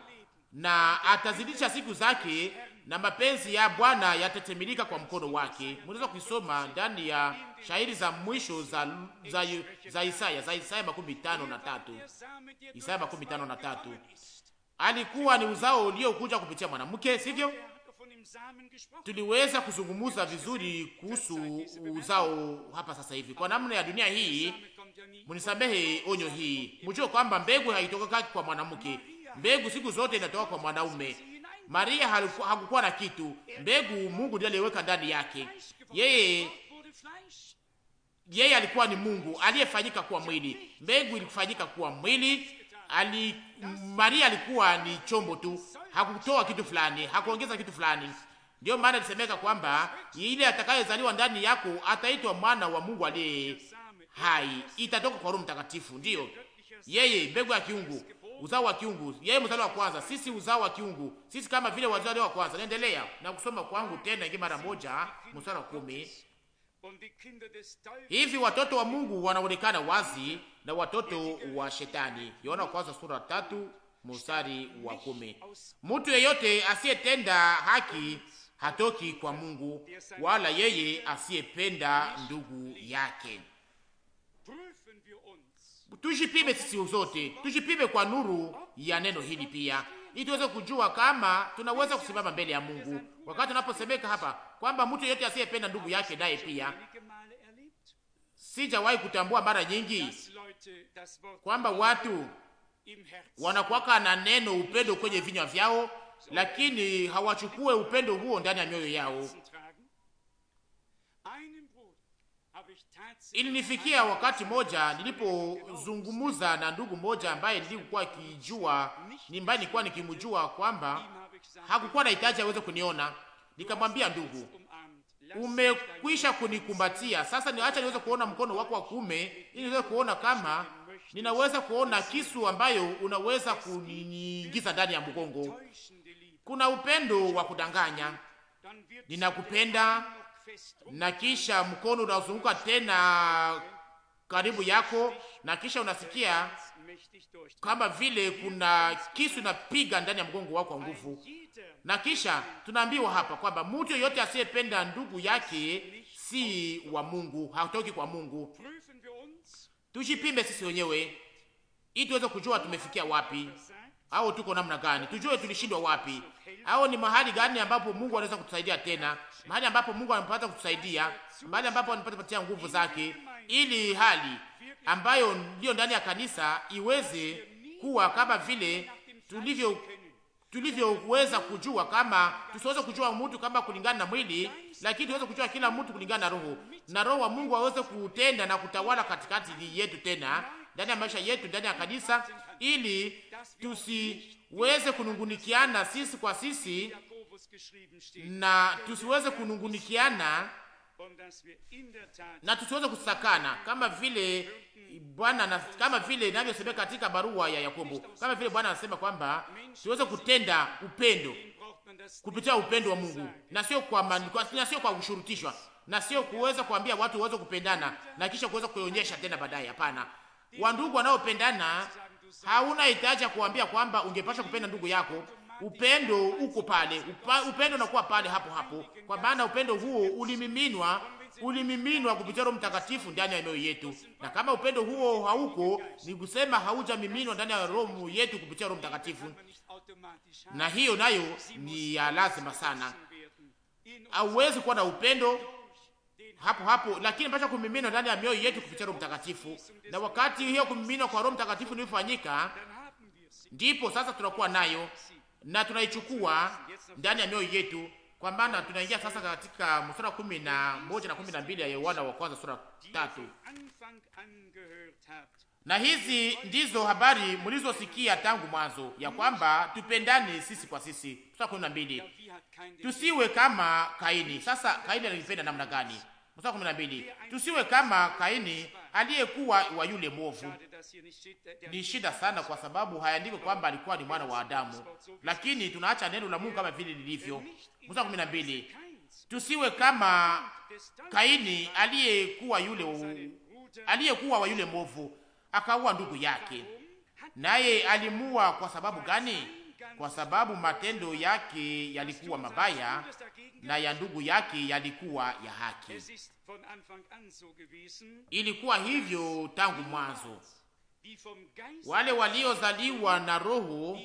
na atazidisha siku zake, na mapenzi ya Bwana yatatimilika kwa mkono wake. Mnaweza kuisoma ndani ya shairi za mwisho za, za, za Isaya za Isaya makumi tano na tatu Isaya makumi tano na tatu Alikuwa ni uzao uliokuja kupitia mwanamke, sivyo? tuliweza kuzungumuza vizuri kuhusu uzao hapa sasa hivi. Kwa namna ya dunia hii, munisamehe onyo hii, mjue kwamba mbegu haitokaki kwa mwanamke, mbegu siku zote inatoka kwa mwanaume. Maria hakukuwa na kitu, mbegu Mungu ndiye aliweka ndani yake. Yeye yeye alikuwa ni Mungu aliyefanyika kuwa mwili, mbegu ilifanyika kuwa mwili ali, Maria alikuwa ni chombo tu, hakutoa kitu fulani, hakuongeza kitu fulani. Ndio maana ilisemeka kwamba ile atakayezaliwa ndani yako ataitwa mwana wa Mungu aliye hai, itatoka kwa Roho Mtakatifu. Ndio yeye mbegu ya kiungu, uzao wa kiungu, yeye mzaliwa wa kwanza, sisi uzao wa kiungu, sisi kama vile wazaliwa wa kwanza. Naendelea na kusoma kwangu tena ingi mara moja, mstari wa kumi. Hivi watoto wa Mungu wanaonekana wazi na watoto wa shetani. Yohana kwanza sura tatu mstari wa kumi. Mtu yeyote asiyetenda haki hatoki kwa Mungu, wala yeye asiyependa ndugu yake. Tujipime sisi zote, tujipime kwa nuru ya neno hili pia, ili tuweze kujua kama tunaweza kusimama mbele ya Mungu wakati tunaposemeka hapa kwamba mtu yeyote asiyependa ndugu yake naye pia sijawahi kutambua mara nyingi kwamba watu wanakuwaka na neno upendo kwenye vinywa vyao, lakini hawachukue upendo huo ndani ya mioyo yao. Ilinifikia wakati moja nilipozungumuza na ndugu moja ambaye nilikuwa kijua ni nilikuwa nikimjua kwamba hakukuwa na hitaji aweze kuniona. Nikamwambia, ndugu, umekwisha kunikumbatia, sasa niacha niweze kuona mkono wako wa kuume ili niweze kuona kama ninaweza kuona kisu ambayo unaweza kuniingiza ndani ya mgongo. Kuna upendo wa kudanganya, ninakupenda na kisha mkono unazunguka tena karibu yako, na kisha unasikia kama vile kuna kisu inapiga ndani ya mgongo wako kwa nguvu. Na kisha tunaambiwa hapa kwamba mtu yoyote asiyependa ndugu yake si wa Mungu, hatoki kwa Mungu. Tujipime sisi wenyewe ili tuweze kujua tumefikia wapi au tuko namna gani, tujue tulishindwa wapi au ni mahali gani ambapo Mungu anaweza kutusaidia tena, mahali ambapo Mungu anapata kutusaidia, mahali ambapo anapata patia nguvu zake, ili hali ambayo ndiyo ndani ya kanisa iweze kuwa kama vile tulivyo tulivyoweza kujua kama tusiweze kujua mtu kama kulingana na mwili, lakini tuweze kujua kila mtu kulingana na roho, na roho wa Mungu aweze kutenda na kutawala katikati yetu, tena ndani ya maisha yetu, ndani ya kanisa, ili tusiweze kunungunikiana sisi kwa sisi na tusiweze kunungunikiana na tusiweze kusakana kama vile Bwana kama vile inavyosemeka katika barua ya Yakobo, kama vile Bwana anasema kwamba tuweze kutenda upendo kupitia upendo wa Mungu, na sio kwa man, kwa, na sio kwa kushurutishwa, na sio kuweza kuambia watu waweze kupendana na kisha kuweza kuonyesha tena baadaye. Hapana, wandugu wanaopendana, hauna hitaji ya kuambia kwamba ungepasha kupenda ndugu yako Upendo uko pale upa, upendo unakuwa pale hapo hapo, kwa maana upendo huo ulimiminwa ulimiminwa kupitia Roho Mtakatifu ndani ya mioyo yetu, na kama upendo huo hauko, ni kusema haujamiminwa ndani ya roho yetu kupitia Roho Mtakatifu, na hiyo nayo ni ya lazima sana. Hauwezi kuwa na upendo hapo hapo, lakini pasha kumiminwa ndani ya mioyo yetu kupitia Roho Mtakatifu, na wakati hiyo kumiminwa kwa Roho Mtakatifu ilifanyika, ndipo sasa tunakuwa nayo na tunaichukua ndani ya mioyo yetu, kwa maana tunaingia sasa katika sura kumi na moja na kumi na mbili ya Yohana wa kwanza sura tatu. Na hizi ndizo habari mlizosikia tangu mwanzo, ya kwamba tupendane sisi kwa sisi. Sura kumi na mbili, tusiwe kama Kaini. Sasa Kaini alipenda namna gani? Sura kumi na mbili, tusiwe kama Kaini aliyekuwa wa yule mwovu ni shida sana, kwa sababu hayaandikwi kwamba alikuwa ni mwana wa Adamu, lakini tunaacha neno la Mungu kama vile lilivyo. Musa kumi na mbili, tusiwe kama Kaini aliyekuwa yule aliyekuwa wa yule movu akaua ndugu yake. Naye alimua kwa sababu gani? Kwa sababu matendo yake yalikuwa mabaya na ya ndugu yake yalikuwa ya haki. Ilikuwa hivyo tangu mwanzo, wale waliozaliwa na Roho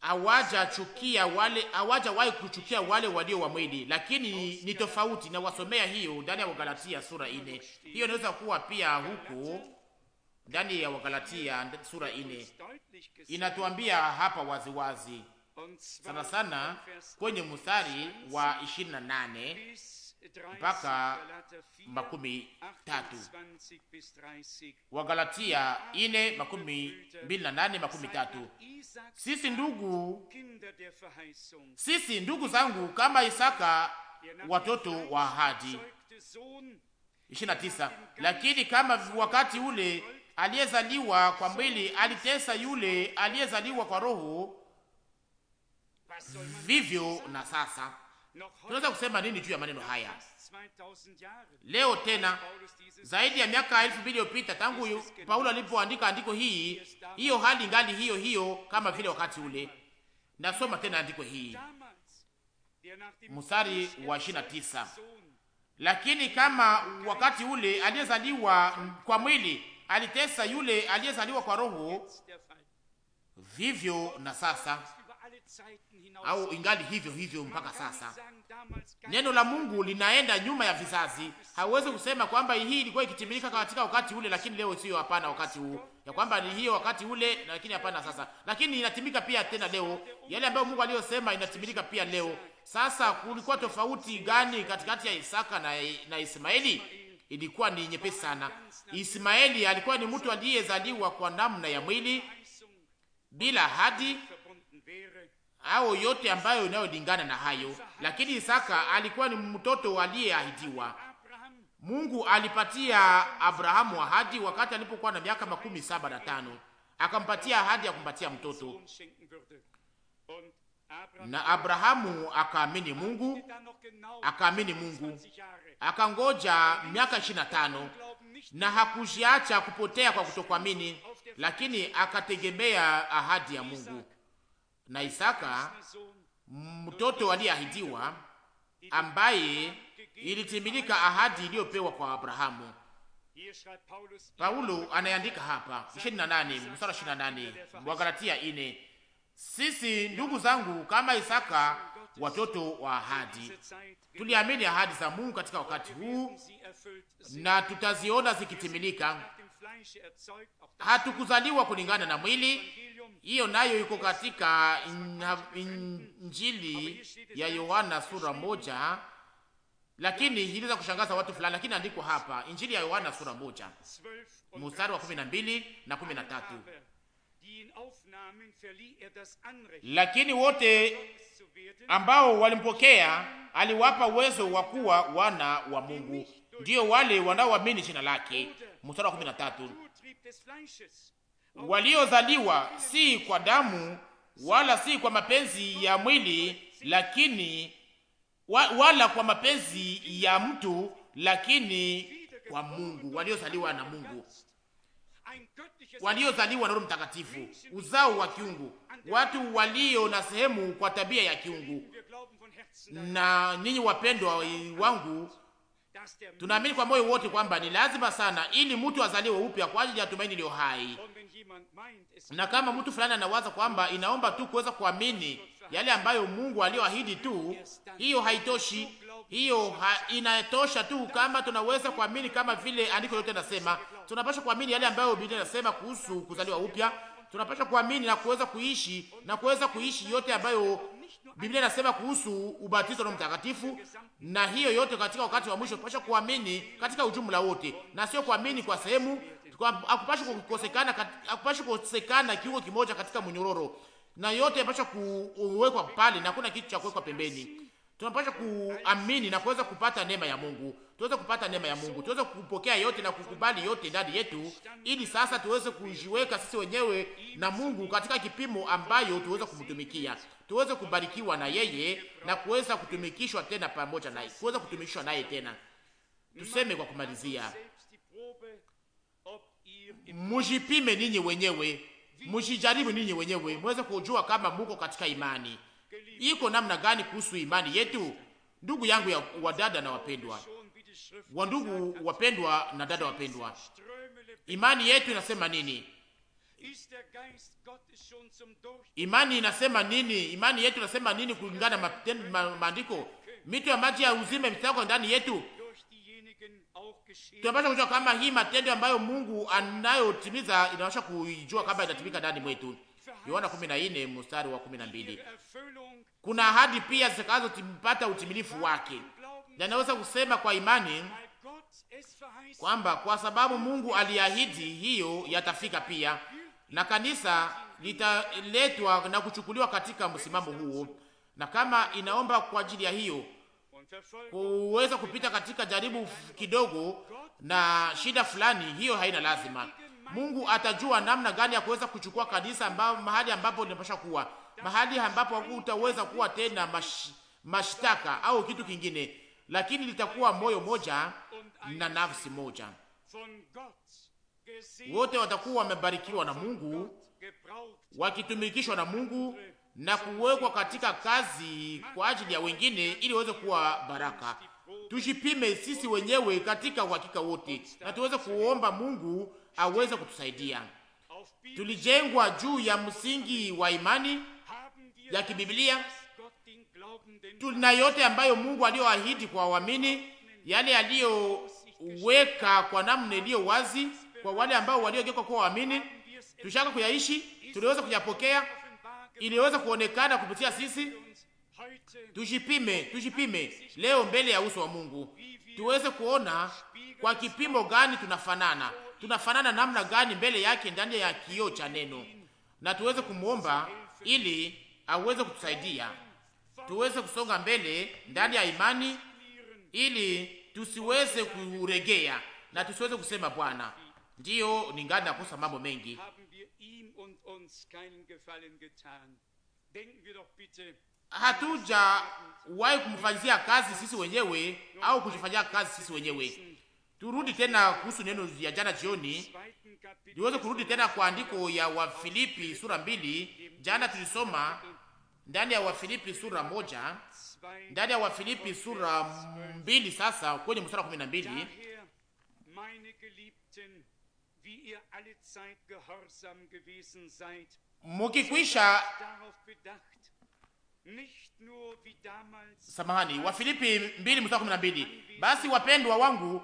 awajachukia wale awajawahi kuchukia wale walio wa mwili, lakini ni tofauti. Na wasomea hiyo ndani ya Wagalatia sura ine. Hiyo inaweza kuwa pia huku ndani ya Wagalatia sura ine inatuambia hapa waziwazi wazi. Sana sana kwenye mstari wa ishirini na nane mpaka makumi tatu. Wagalatia ine makumi mbili na nane makumi tatu. Sisi ndugu, sisi ndugu zangu kama Isaka watoto wa ahadi. ishirini na tisa. Lakini kama wakati ule aliyezaliwa kwa mwili alitesa yule aliyezaliwa kwa roho, vivyo na sasa Tunaweza kusema nini juu ya maneno haya leo? Tena zaidi ya miaka elfu mbili iliyopita tangu Paulo alipoandika andiko hii, hiyo hali ngali hiyo hiyo kama vile wakati ule. Nasoma tena andiko hii, mstari wa 29: lakini kama wakati ule aliyezaliwa kwa mwili alitesa yule aliyezaliwa kwa roho, vivyo na sasa au ingali hivyo hivyo mpaka sasa. Neno la Mungu linaenda nyuma ya vizazi. Hauwezi kusema kwamba hii ilikuwa ikitimilika katika wakati ule, lakini leo sio. Hapana, wakati huu ya kwamba ni hiyo wakati ule, lakini hapana sasa, lakini inatimika pia tena leo. Yale ambayo Mungu aliyosema inatimilika pia leo. Sasa kulikuwa tofauti gani katikati ya Isaka na, na Ismaeli? Ilikuwa ni nyepesi sana. Ismaeli alikuwa ni mtu aliyezaliwa kwa namna ya mwili bila hadi au yote ambayo inayolingana na hayo. Lakini Isaka alikuwa ni mtoto aliyeahidiwa. Mungu alipatia Abrahamu ahadi wakati alipokuwa na miaka makumi saba na tano akampatia ahadi ya kumpatia mtoto, na Abrahamu akaamini Mungu, akaamini Mungu, akangoja miaka ishirini na tano na hakujiacha kupotea kwa kutokuamini, lakini akategemea ahadi ya Mungu na Isaka mtoto aliyeahidiwa, ambaye ilitimilika ahadi iliyopewa kwa Abrahamu. Paulo anaandika hapa 28 mstari 28 wa Galatia 4, sisi ndugu zangu, kama Isaka watoto wa ahadi, tuliamini ahadi za Mungu katika wakati huu na tutaziona zikitimilika hatukuzaliwa kulingana na mwili. Hiyo nayo iko katika Injili ya Yohana sura moja, lakini iliweza kushangaza watu fulani, lakini andiko hapa, Injili ya Yohana sura moja mstari wa kumi na mbili na kumi na tatu er lakini wote ambao walimpokea aliwapa uwezo wa kuwa wana wa Mungu, ndiyo wale wanaoamini jina lake mstari wa 13, waliozaliwa si kwa damu wala si kwa mapenzi ya mwili lakini wa, wala kwa mapenzi ya mtu lakini kwa Mungu, waliozaliwa na Mungu, waliozaliwa na Roho Mtakatifu, uzao wa kiungu, watu walio na sehemu kwa tabia ya kiungu. Na ninyi wapendwa wangu, Tunaamini kwa moyo wote kwamba ni lazima sana ili mtu azaliwe upya kwa ajili ya tumaini iliyo hai. Na kama mtu fulani anawaza kwamba inaomba tu kuweza kuamini yale ambayo Mungu aliyoahidi tu, hiyo haitoshi. Hiyo ha, inatosha tu kama tunaweza kuamini kama vile andiko lote linasema. Tunapaswa kuamini yale ambayo Biblia inasema kuhusu kuzaliwa upya. Tunapaswa kuamini na kuweza kuishi na kuweza kuishi yote ambayo Biblia inasema kuhusu ubatizo na Mtakatifu, na hiyo yote katika wakati wa mwisho tupasha kuamini katika ujumla wote, na sio kuamini kwa sehemu. Hakupashi kukosekana, hakupashi kukosekana kiungo kimoja katika mnyororo, na yote yapasha kuwekwa pale na kuna kitu cha kuwekwa pembeni tunapaswa kuamini na kuweza kupata neema ya Mungu, tuweze kupata neema ya Mungu, tuweze kupokea yote na kukubali yote ndani yetu, ili sasa tuweze kujiweka sisi wenyewe na Mungu katika kipimo ambayo tuweze kumtumikia, tuweze kubarikiwa na yeye na kuweza kutumikishwa tena pamoja naye, kuweza kutumikishwa naye tena. Tuseme kwa kumalizia, mujipime ninyi wenyewe, mujijaribu ninyi wenyewe, muweze kujua kama muko katika imani iko namna gani kuhusu imani yetu? Ndugu yangu ya wadada na wapendwa, wa ndugu wapendwa na dada wapendwa, imani yetu inasema nini? Imani inasema nini? Imani yetu inasema nini kulingana na maandiko? Mito ya maji ya uzima imetawanyika ndani yetu. Tunapaswa kujua kama hii matendo ambayo Mungu anayotimiza inaweza kuijua kama inatimika ndani mwetu. Yohana 14 mstari wa 12. Kuna ahadi pia zitakazopata utimilifu wake. Yanaweza kusema kwa imani kwamba kwa sababu Mungu aliahidi hiyo yatafika pia, na kanisa litaletwa na kuchukuliwa katika msimamo huo, na kama inaomba kwa ajili ya hiyo kuweza kupita katika jaribu kidogo na shida fulani, hiyo haina lazima Mungu atajua namna gani ya kuweza kuchukua kanisa ambao, mahali ambapo linapasha kuwa, mahali ambapo utaweza kuwa tena mash, mashtaka au kitu kingine, lakini litakuwa moyo moja na nafsi moja. Wote watakuwa wamebarikiwa na Mungu, wakitumikishwa na Mungu na kuwekwa katika kazi kwa ajili ya wengine ili waweze kuwa baraka tujipime sisi wenyewe katika uhakika wote, na tuweze kuomba Mungu aweze kutusaidia. Tulijengwa juu ya msingi wa imani ya kibiblia, tuna yote ambayo Mungu aliyoahidi kwa waamini, yale aliyoweka kwa namna iliyo wazi kwa wale ambao waliogekwa kuwa waamini. Tushaka kuyaishi, tuliweza kuyapokea, iliweza kuonekana kupitia sisi Tujipime, tujipime leo mbele ya uso wa Mungu, tuweze kuona kwa kipimo gani tunafanana, tunafanana namna gani mbele yake ndani ya kioo cha neno, na tuweze kumwomba ili aweze kutusaidia tuweze kusonga mbele ndani ya imani, ili tusiweze kuregea na tusiweze kusema Bwana, ndiyo ningali nakosa mambo mengi hatuja wahi kumfanyia kazi sisi wenyewe au kujifanyia kazi sisi wenyewe. Turudi tena kuhusu neno ya jana jioni, niweze kurudi tena kwa andiko ya Wafilipi sura mbili. Jana tulisoma ndani ya Wafilipi sura moja, ndani ya Wafilipi sura mbili, sasa kwenye mstari wa kumi na mbili mukikwisha Samahani, Wafilipi 2:12. Basi wapendwa wangu,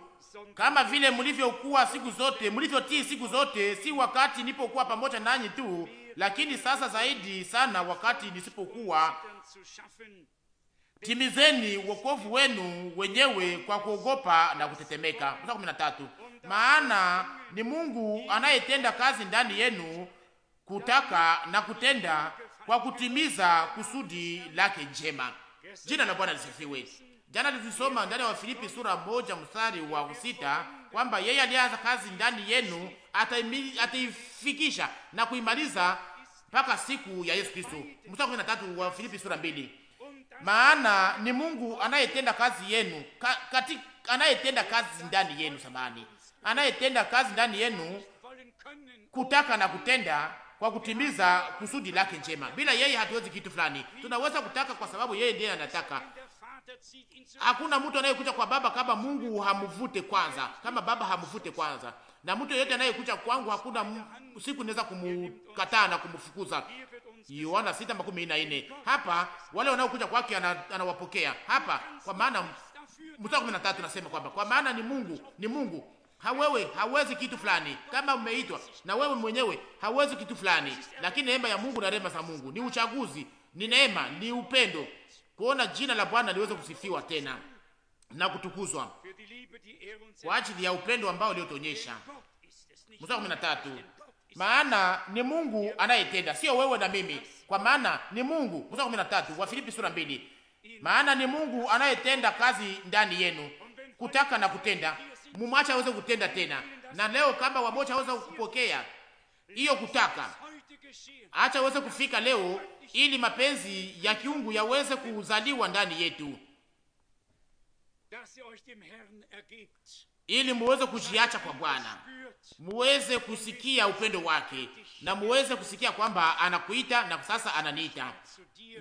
kama vile mlivyokuwa siku zote, mlivyotii siku zote, si wakati nilipokuwa pamoja nanyi tu, lakini sasa zaidi sana wakati nisipokuwa. Timizeni wokovu wenu wenyewe kwa kuogopa na kutetemeka. 13. Maana ni Mungu anayetenda kazi ndani yenu kutaka na kutenda kwa kutimiza kusudi lake njema. Jina la Bwana lisifiwe. Jana tulisoma ndani ya Wafilipi sura moja mstari wa sita kwamba yeye alianza kazi ndani yenu ataifikisha na kuimaliza mpaka siku ya Yesu Kristo. Mstari wa 13 wa Filipi sura mbili. Maana ni Mungu anayetenda kazi yenu ka, kati, anayetenda kazi ndani yenu, samani, anayetenda kazi ndani yenu kutaka na kutenda kwa kutimiza kusudi lake njema. Bila yeye hatuwezi kitu fulani. Tunaweza kutaka kwa sababu yeye ndiye anataka. Hakuna mtu anayekuja kwa baba kama Mungu hamvute kwanza, kama baba hamvute kwanza. Na mtu yeyote anayekuja kwangu hakuna siku niweza kumkataa na kumfukuza. Yohana 6:14. Hapa wale wanaokuja kwake anawapokea. Hapa kwa maana mstari 13 nasema kwamba kwa maana ni Mungu, ni Mungu hawewe hawezi kitu fulani. Kama umeitwa na wewe mwenyewe hawezi kitu fulani, lakini neema ya Mungu na rehema za Mungu ni uchaguzi, ni neema, ni upendo, kuona jina la Bwana liweze kusifiwa tena na kutukuzwa kwa ajili ya upendo ambao uliotonyesha. Mstari kumi na tatu, maana ni Mungu anayetenda, sio wewe na mimi, kwa maana ni Mungu. Mstari kumi na tatu wa Filipi sura mbili, maana ni Mungu anayetenda kazi ndani yenu kutaka na kutenda mumwache aweze kutenda tena. Na leo kama wamoja aweze kupokea hiyo kutaka, acha aweze kufika leo, ili mapenzi ya kiungu yaweze kuzaliwa ndani yetu, ili muweze kujiacha kwa Bwana, muweze kusikia upendo wake na muweze kusikia kwamba anakuita na sasa ananiita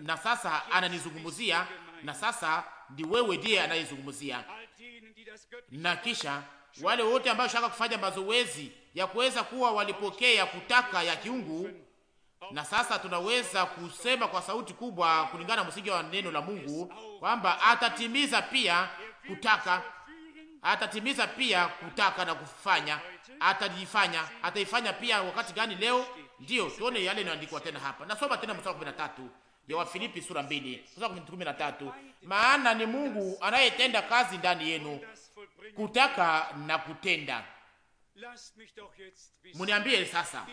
na sasa ananizungumzia na sasa ndi wewe ndiye anayezungumzia na kisha wale wote ambao shaka kufanya mazoezi ya kuweza kuwa walipokea kutaka ya kiungu, na sasa tunaweza kusema kwa sauti kubwa kulingana na msingi wa neno la Mungu kwamba atatimiza pia kutaka, atatimiza pia kutaka na kufanya, atajifanya, ataifanya pia. Wakati gani? Leo ndiyo tuone yale inaandikwa tena hapa. Nasoma tena mstari wa 13 ya Wafilipi sura 2 mstari wa 13, maana ni Mungu anayetenda kazi ndani yenu kutaka na kutenda. Muniambie sasa,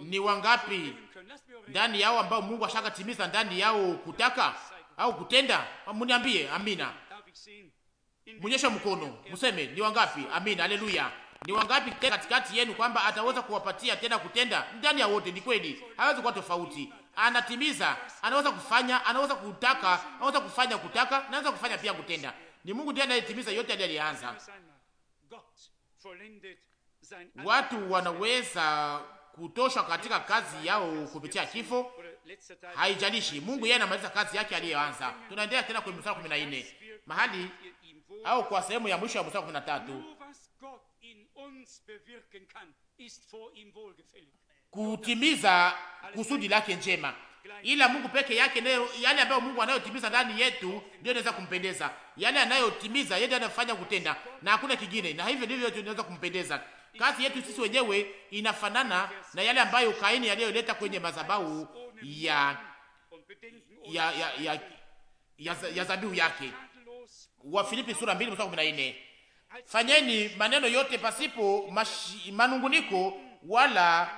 ni wangapi ndani yao ambao Mungu ashakatimiza ndani yao kutaka au kutenda? Muniambie amina, munyeshe mkono, museme ni wangapi? Amina, haleluya. Ni wangapi katikati yenu kwamba ataweza kuwapatia tena kutenda ndani ya wote? Ni kweli, hawezi kuwa tofauti. Anatimiza, anaweza kufanya, anaweza kutaka, anaweza kufanya kutaka, anaweza kufanya pia kutenda. Ni Mungu ndiye anayetimiza yote alianza. Watu wanaweza kutoshwa katika kazi yao kupitia kifo, haijalishi. Mungu yeye anamaliza kazi yake aliyoanza. Tunaendelea tena kwenye mstari 14 mahali au kwa sehemu ya mwisho ya mstari 13 kutimiza kusudi lake njema ila Mungu peke yake ndiye yale ambayo Mungu anayotimiza ndani yetu ndio inaweza kumpendeza. Yale anayotimiza yeye anafanya kutenda na hakuna kingine, na hivyo ndivyo tunaweza kumpendeza. Kazi yetu sisi wenyewe inafanana na yale ambayo Kaini aliyoleta kwenye madhabahu ya ya ya ya, ya, ya zabihu yake. Wa Filipi sura 2 mstari 14, fanyeni maneno yote pasipo mash, manunguniko wala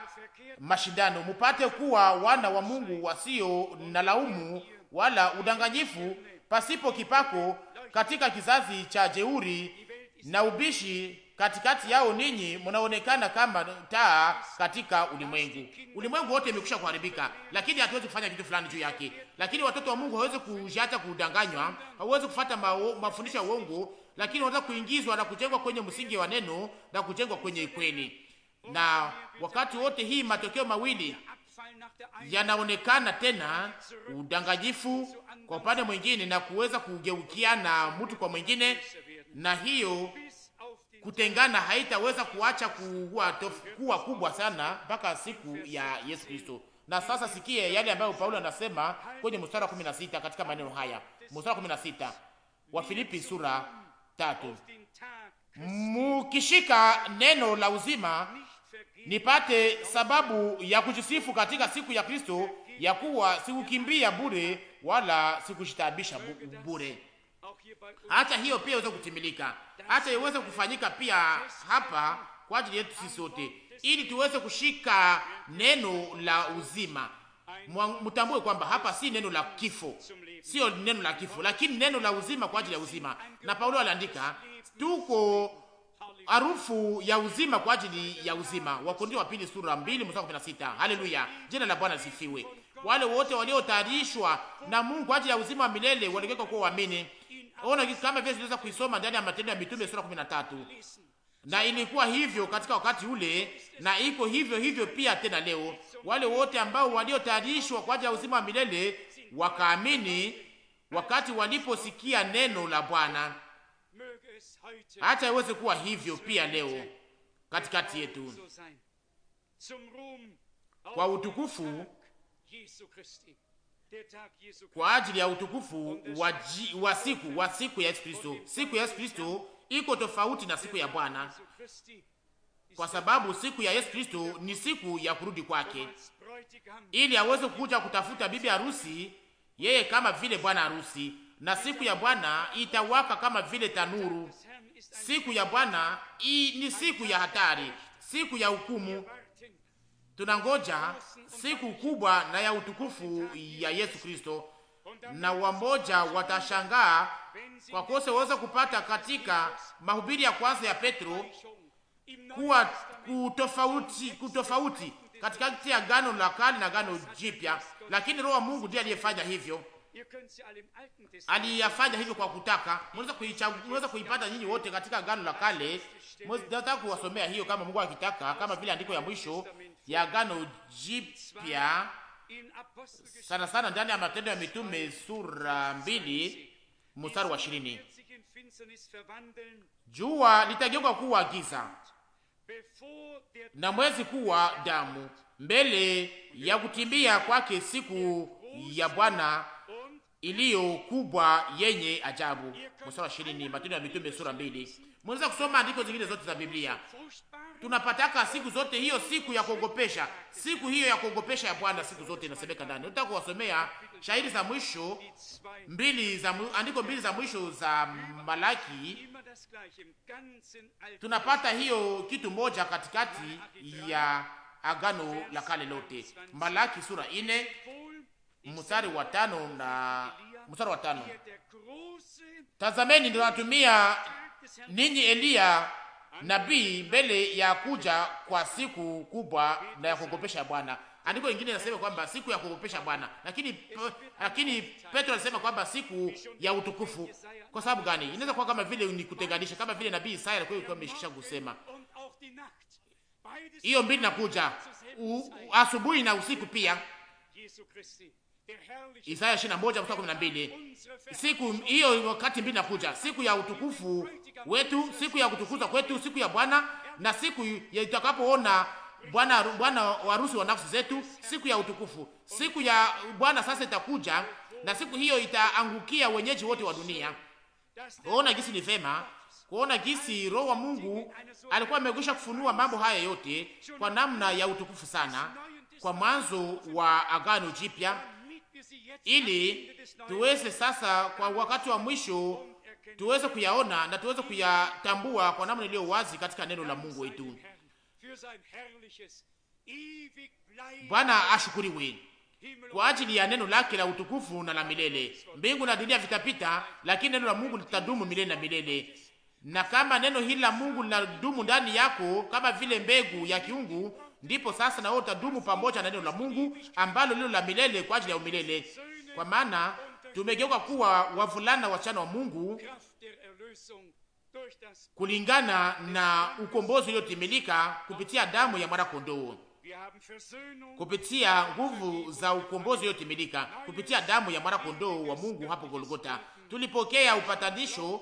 mashindano, mupate kuwa wana wa Mungu wasio na laumu wala udanganyifu, pasipo kipako katika kizazi cha jeuri na ubishi katikati yao ninyi mnaonekana kama taa katika ulimwengu. Ulimwengu wote imekwisha kuharibika, lakini hatuwezi kufanya kitu fulani juu yake. Lakini watoto wa Mungu hawezi kujiacha kudanganywa, hawezi kufata mafundisho ya uongo, lakini wanaweza kuingizwa na kujengwa kwenye msingi wa neno na kujengwa kwenye ikweli na wakati wote hii matokeo mawili yanaonekana tena, udanganyifu kwa upande mwingine na kuweza kugeukiana mtu kwa mwingine, na hiyo kutengana haitaweza kuacha kuwa, kuwa kubwa sana mpaka siku ya Yesu Kristo. Na sasa sikie yale ambayo Paulo anasema kwenye mstari wa 16 katika maneno haya, mstari wa 16 wa Filipi sura tatu, mukishika neno la uzima nipate sababu ya kujisifu katika siku ya Kristo ya kuwa sikukimbia bure wala sikushitaabisha bure. Acha hiyo pia iweze kutimilika, acha iweze kufanyika pia hapa kwa ajili yetu sisi sote, ili tuweze kushika neno la uzima. Mtambue kwamba hapa si neno la kifo, sio neno la kifo, lakini neno la uzima kwa ajili ya uzima. Na Paulo aliandika tuko harufu ya uzima kwa ajili ya uzima. Wakorintho wa pili sura 2 mstari sita. Haleluya, jina la Bwana sifiwe. Wale wote waliotayarishwa na Mungu kwa ajili ya uzima wa milele waliwekwa kuwa waamini. Ona kama vile tunaweza kuisoma ndani ya Matendo ya Mitume sura 13, na ilikuwa hivyo katika wakati ule na iko hivyo hivyo pia tena leo. Wale wote ambao waliotayarishwa kwa ajili ya uzima wa milele wakaamini wakati waliposikia neno la Bwana Acha iweze kuwa hivyo pia leo katikati yetu, kwa utukufu kwa ajili ya utukufu wa, ji, wa siku wa siku ya Yesu Kristo. Siku ya Yesu Kristo iko tofauti na siku ya Bwana, kwa sababu siku ya Yesu Kristo ni siku ya kurudi kwake, ili aweze kuja kutafuta bibi harusi, yeye kama vile bwana harusi, na siku ya Bwana itawaka kama vile tanuru Siku ya Bwana ni siku ya hatari, siku ya hukumu. Tunangoja siku kubwa na ya utukufu ya Yesu Kristo, na wamoja watashangaa kwa kose waweza kupata katika mahubiri ya kwanza ya Petro kuwa kutofauti, kutofauti katikati ya gano la kale na gano jipya, lakini Roho wa Mungu ndiye aliyefanya hivyo aliyafanya hivyo kwa kutaka. Mnaweza kuipata nyinyi wote katika Agano la Kale. Nataka kuwasomea hiyo kama Mungu akitaka, kama vile andiko ya mwisho ya Agano Jipya, sana sana ndani ya Matendo ya Mitume sura mbili mstari wa ishirini jua litageuka kuwa giza na mwezi kuwa damu mbele ya kutimbia kwake siku ya Bwana iliyo kubwa yenye ajabu. Mstari wa ishirini, Matendo ya Mitume sura mbili. Mnaweza kusoma andiko zingine zote za Biblia. Tunapataka siku zote hiyo siku ya kuogopesha, siku hiyo ya kuogopesha ya Bwana siku zote inasemeka ndani. Nataka kuwasomea shahidi za mwisho mbili za andiko mbili za mwisho za Malaki. Tunapata hiyo kitu moja katikati ya agano la kale lote, Malaki sura ine mstari wa tano na mstari wa tano tazameni, nitawatumia ninyi Eliya nabii mbele ya kuja kwa siku kubwa na ya kuogopesha Bwana. Andiko lingine linasema kwamba siku ya kuogopesha Bwana, lakini lakini Petro alisema kwamba siku ya utukufu. Kwa sababu gani? Inaweza kuwa kama vile ni kutenganisha, kama vile nabii Isaya alikuwa alikuwa ameshisha kusema hiyo mbili nakuja asubuhi na usiku pia Isaya 21 mstari 12. Siku hiyo wakati mbili nakuja, siku ya utukufu wetu, siku ya kutukuzwa kwetu, siku ya Bwana na siku ya itakapoona Bwana Bwana warusi wa nafsi zetu, siku ya utukufu, siku ya Bwana sasa itakuja, na siku hiyo itaangukia wenyeji wote wa dunia. Kuona gisi ni vema kuona gisi Roho wa Mungu alikuwa amekwisha kufunua mambo haya yote kwa namna ya utukufu sana kwa mwanzo wa Agano Jipya ili tuweze sasa kwa wakati wa mwisho tuweze kuyaona na tuweze kuyatambua kwa namna iliyo wazi katika neno la Mungu wetu. Bwana ashukuriwe kwa ajili ya neno lake la utukufu na la milele. Mbingu na dunia vitapita, lakini neno la Mungu litadumu milele na milele. Na kama neno hili la Mungu linadumu ndani yako kama vile mbegu ya kiungu, ndipo sasa nawe utadumu pamoja na neno la Mungu ambalo lilo la milele kwa ajili ya umilele, kwa maana tumegeuka kuwa wavulana wasichana wa Mungu kulingana na ukombozi uliotimilika kupitia damu ya mwana kondoo, kupitia nguvu za ukombozi uliotimilika kupitia damu ya mwana kondoo wa Mungu hapo Golgota tulipokea upatanisho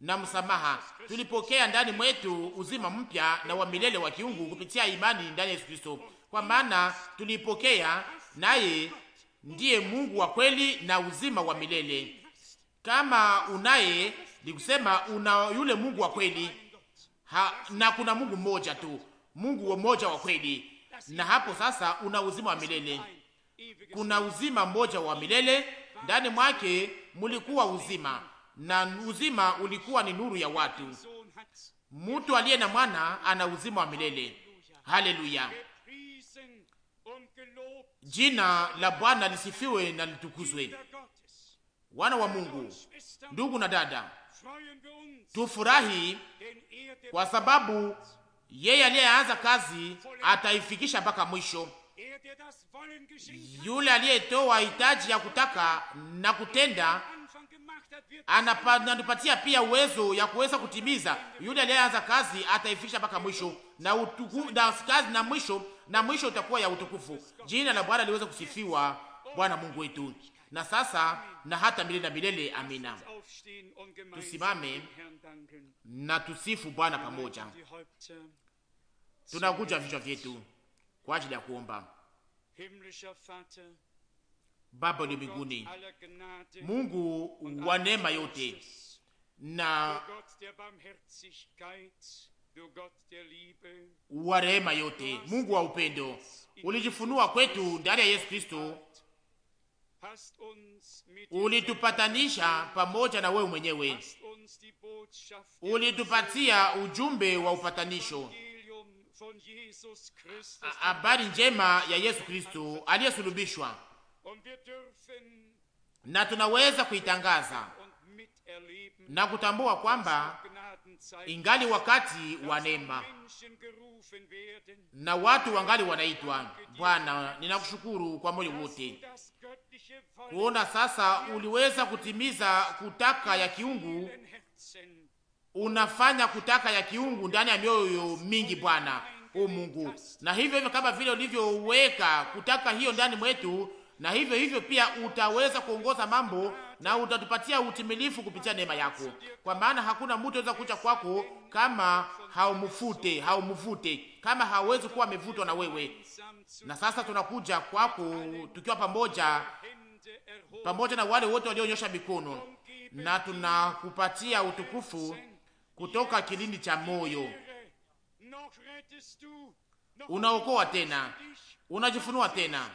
na msamaha, tulipokea ndani mwetu uzima mpya na wa milele wa kiungu kupitia imani ndani ya Yesu Kristo, kwa maana tulipokea naye ndiye Mungu wa kweli na uzima wa milele. Kama unaye ni kusema una yule Mungu wa kweli ha, na kuna Mungu mmoja tu, Mungu mmoja wa kweli, na hapo sasa una uzima wa milele. Kuna uzima mmoja wa milele ndani mwake mulikuwa uzima na uzima ulikuwa ni nuru ya watu. Mtu aliye na mwana ana uzima wa milele. Haleluya! Jina la Bwana lisifiwe na litukuzwe. Wana wa Mungu, ndugu na dada, tufurahi kwa sababu yeye aliyeanza kazi ataifikisha mpaka mwisho. Yule aliyetoa hitaji ya kutaka na kutenda anatupatia pia uwezo ya kuweza kutimiza. Yule aliyeanza kazi ataifikisha mpaka mwisho na, utuku, na kazi na mwisho na mwisho utakuwa ya utukufu. Jina la Bwana liweze kusifiwa, Bwana Mungu wetu, na sasa na hata milele na milele. Amina. Tusimame na tusifu Bwana pamoja. Tunakuja vichwa vyetu kwa ajili ya kuomba. Baba uliye mbinguni, Mungu wa neema yote na wa rehema yote, Mungu wa upendo, ulijifunua kwetu ndani ya Yesu Kristo, ulitupatanisha pamoja na wewe mwenyewe, ulitupatia ujumbe wa upatanisho, habari njema ya Yesu Kristo aliyesulubishwa na tunaweza kuitangaza na kutambua kwamba ingali wakati wa neema na watu wangali wanaitwa. Bwana, ninakushukuru kwa moyo wote kuona sasa uliweza kutimiza kutaka ya kiungu, unafanya kutaka ya kiungu ndani ya mioyo mingi Bwana o oh Mungu, na hivyo hivyo kama vile ulivyoweka kutaka hiyo ndani mwetu na hivyo hivyo pia utaweza kuongoza mambo na utatupatia utimilifu kupitia neema yako, kwa maana hakuna mtu anaweza kuja kwako kama haumfute haumvute, kama hawezi kuwa amevutwa na wewe. Na sasa tunakuja kwako tukiwa pamoja pamoja na wale wote walionyosha mikono, na tunakupatia utukufu kutoka kilindi cha moyo. Unaokoa tena, unajifunua tena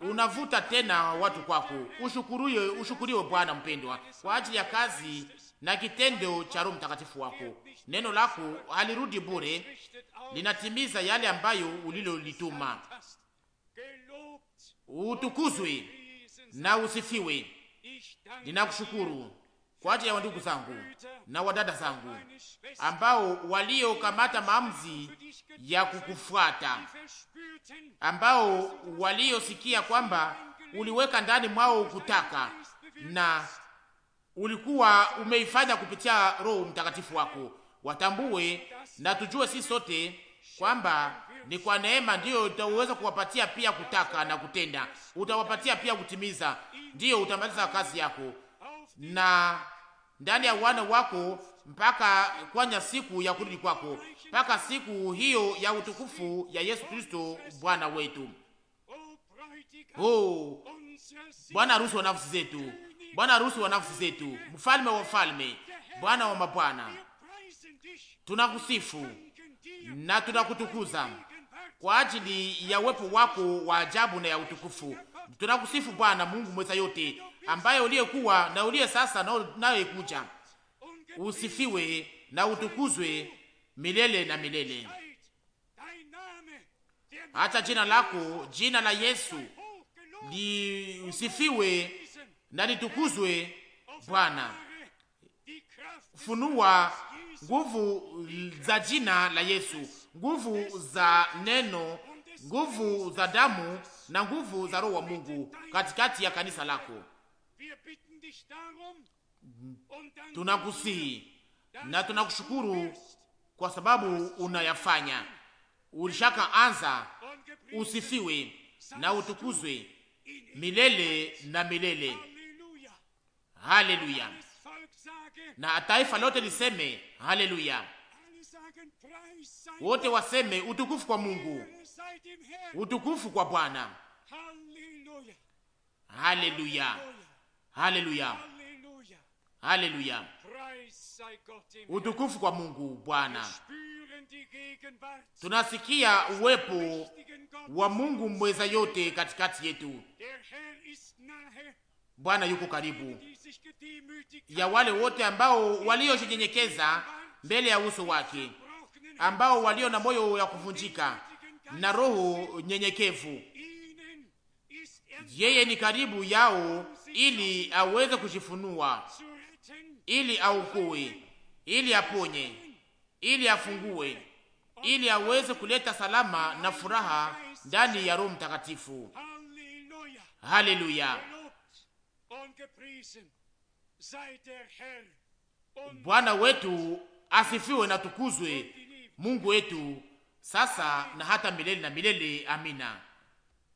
unavuta tena watu kwako. Ushukuriwe, ushukuriwe Bwana mpendwa kwa ajili ya kazi na kitendo cha Roho Mtakatifu wako. Neno lako halirudi bure, linatimiza yale ambayo ulilolituma. Utukuzwe na usifiwe. Ninakushukuru kwa ajili ya wandugu zangu na wadada zangu ambao waliokamata maamuzi ya kukufuata, ambao waliosikia kwamba uliweka ndani mwao ukutaka na ulikuwa umeifanya kupitia Roho Mtakatifu wako. Watambue na tujue sisi sote kwamba ni kwa neema ndiyo utaweza kuwapatia pia kutaka na kutenda, utawapatia pia kutimiza, ndiyo utamaliza kazi yako na ndani ya wana wako mpaka kwanya siku ya kurudi kwako, mpaka siku hiyo ya utukufu ya Yesu Kristo Bwana wetu. Oh, Bwana harusi wa nafsi zetu, Bwana harusi wa nafsi zetu, mfalme wa wafalme, Bwana wa mabwana, tunakusifu na tunakutukuza kwa ajili ya uwepo wako wa ajabu na ya utukufu. Tunakusifu Bwana Mungu mweza yote ambayo uliyekuwa na uliye sasa nayekuja, usifiwe na utukuzwe milele na milele. Hata jina lako, jina la Yesu liusifiwe na litukuzwe. Bwana, funua nguvu za jina la Yesu, nguvu za neno, nguvu za damu na nguvu za Roho wa Mungu katikati ya kanisa lako tunakusii na tunakushukuru kwa sababu unayafanya. Ulishaka anza, usifiwe na utukuzwe milele na milele. Haleluya! Na taifa lote liseme haleluya, wote waseme utukufu kwa Mungu, utukufu kwa Bwana. Haleluya! Haleluya, haleluya, utukufu kwa Mungu Bwana. Tunasikia uwepo wa Mungu mweza yote katikati yetu. Bwana yuko karibu ya wale wote ambao waliojinyenyekeza mbele ya uso wake, ambao walio na moyo ya kuvunjika na roho nyenyekevu. Yeye ni karibu yao ili aweze kujifunua, ili aokoe, ili aponye, ili afungue, ili aweze kuleta salama na furaha ndani ya Roho Mtakatifu. Haleluya! Bwana wetu asifiwe na tukuzwe, Mungu wetu sasa na hata milele na milele. Amina.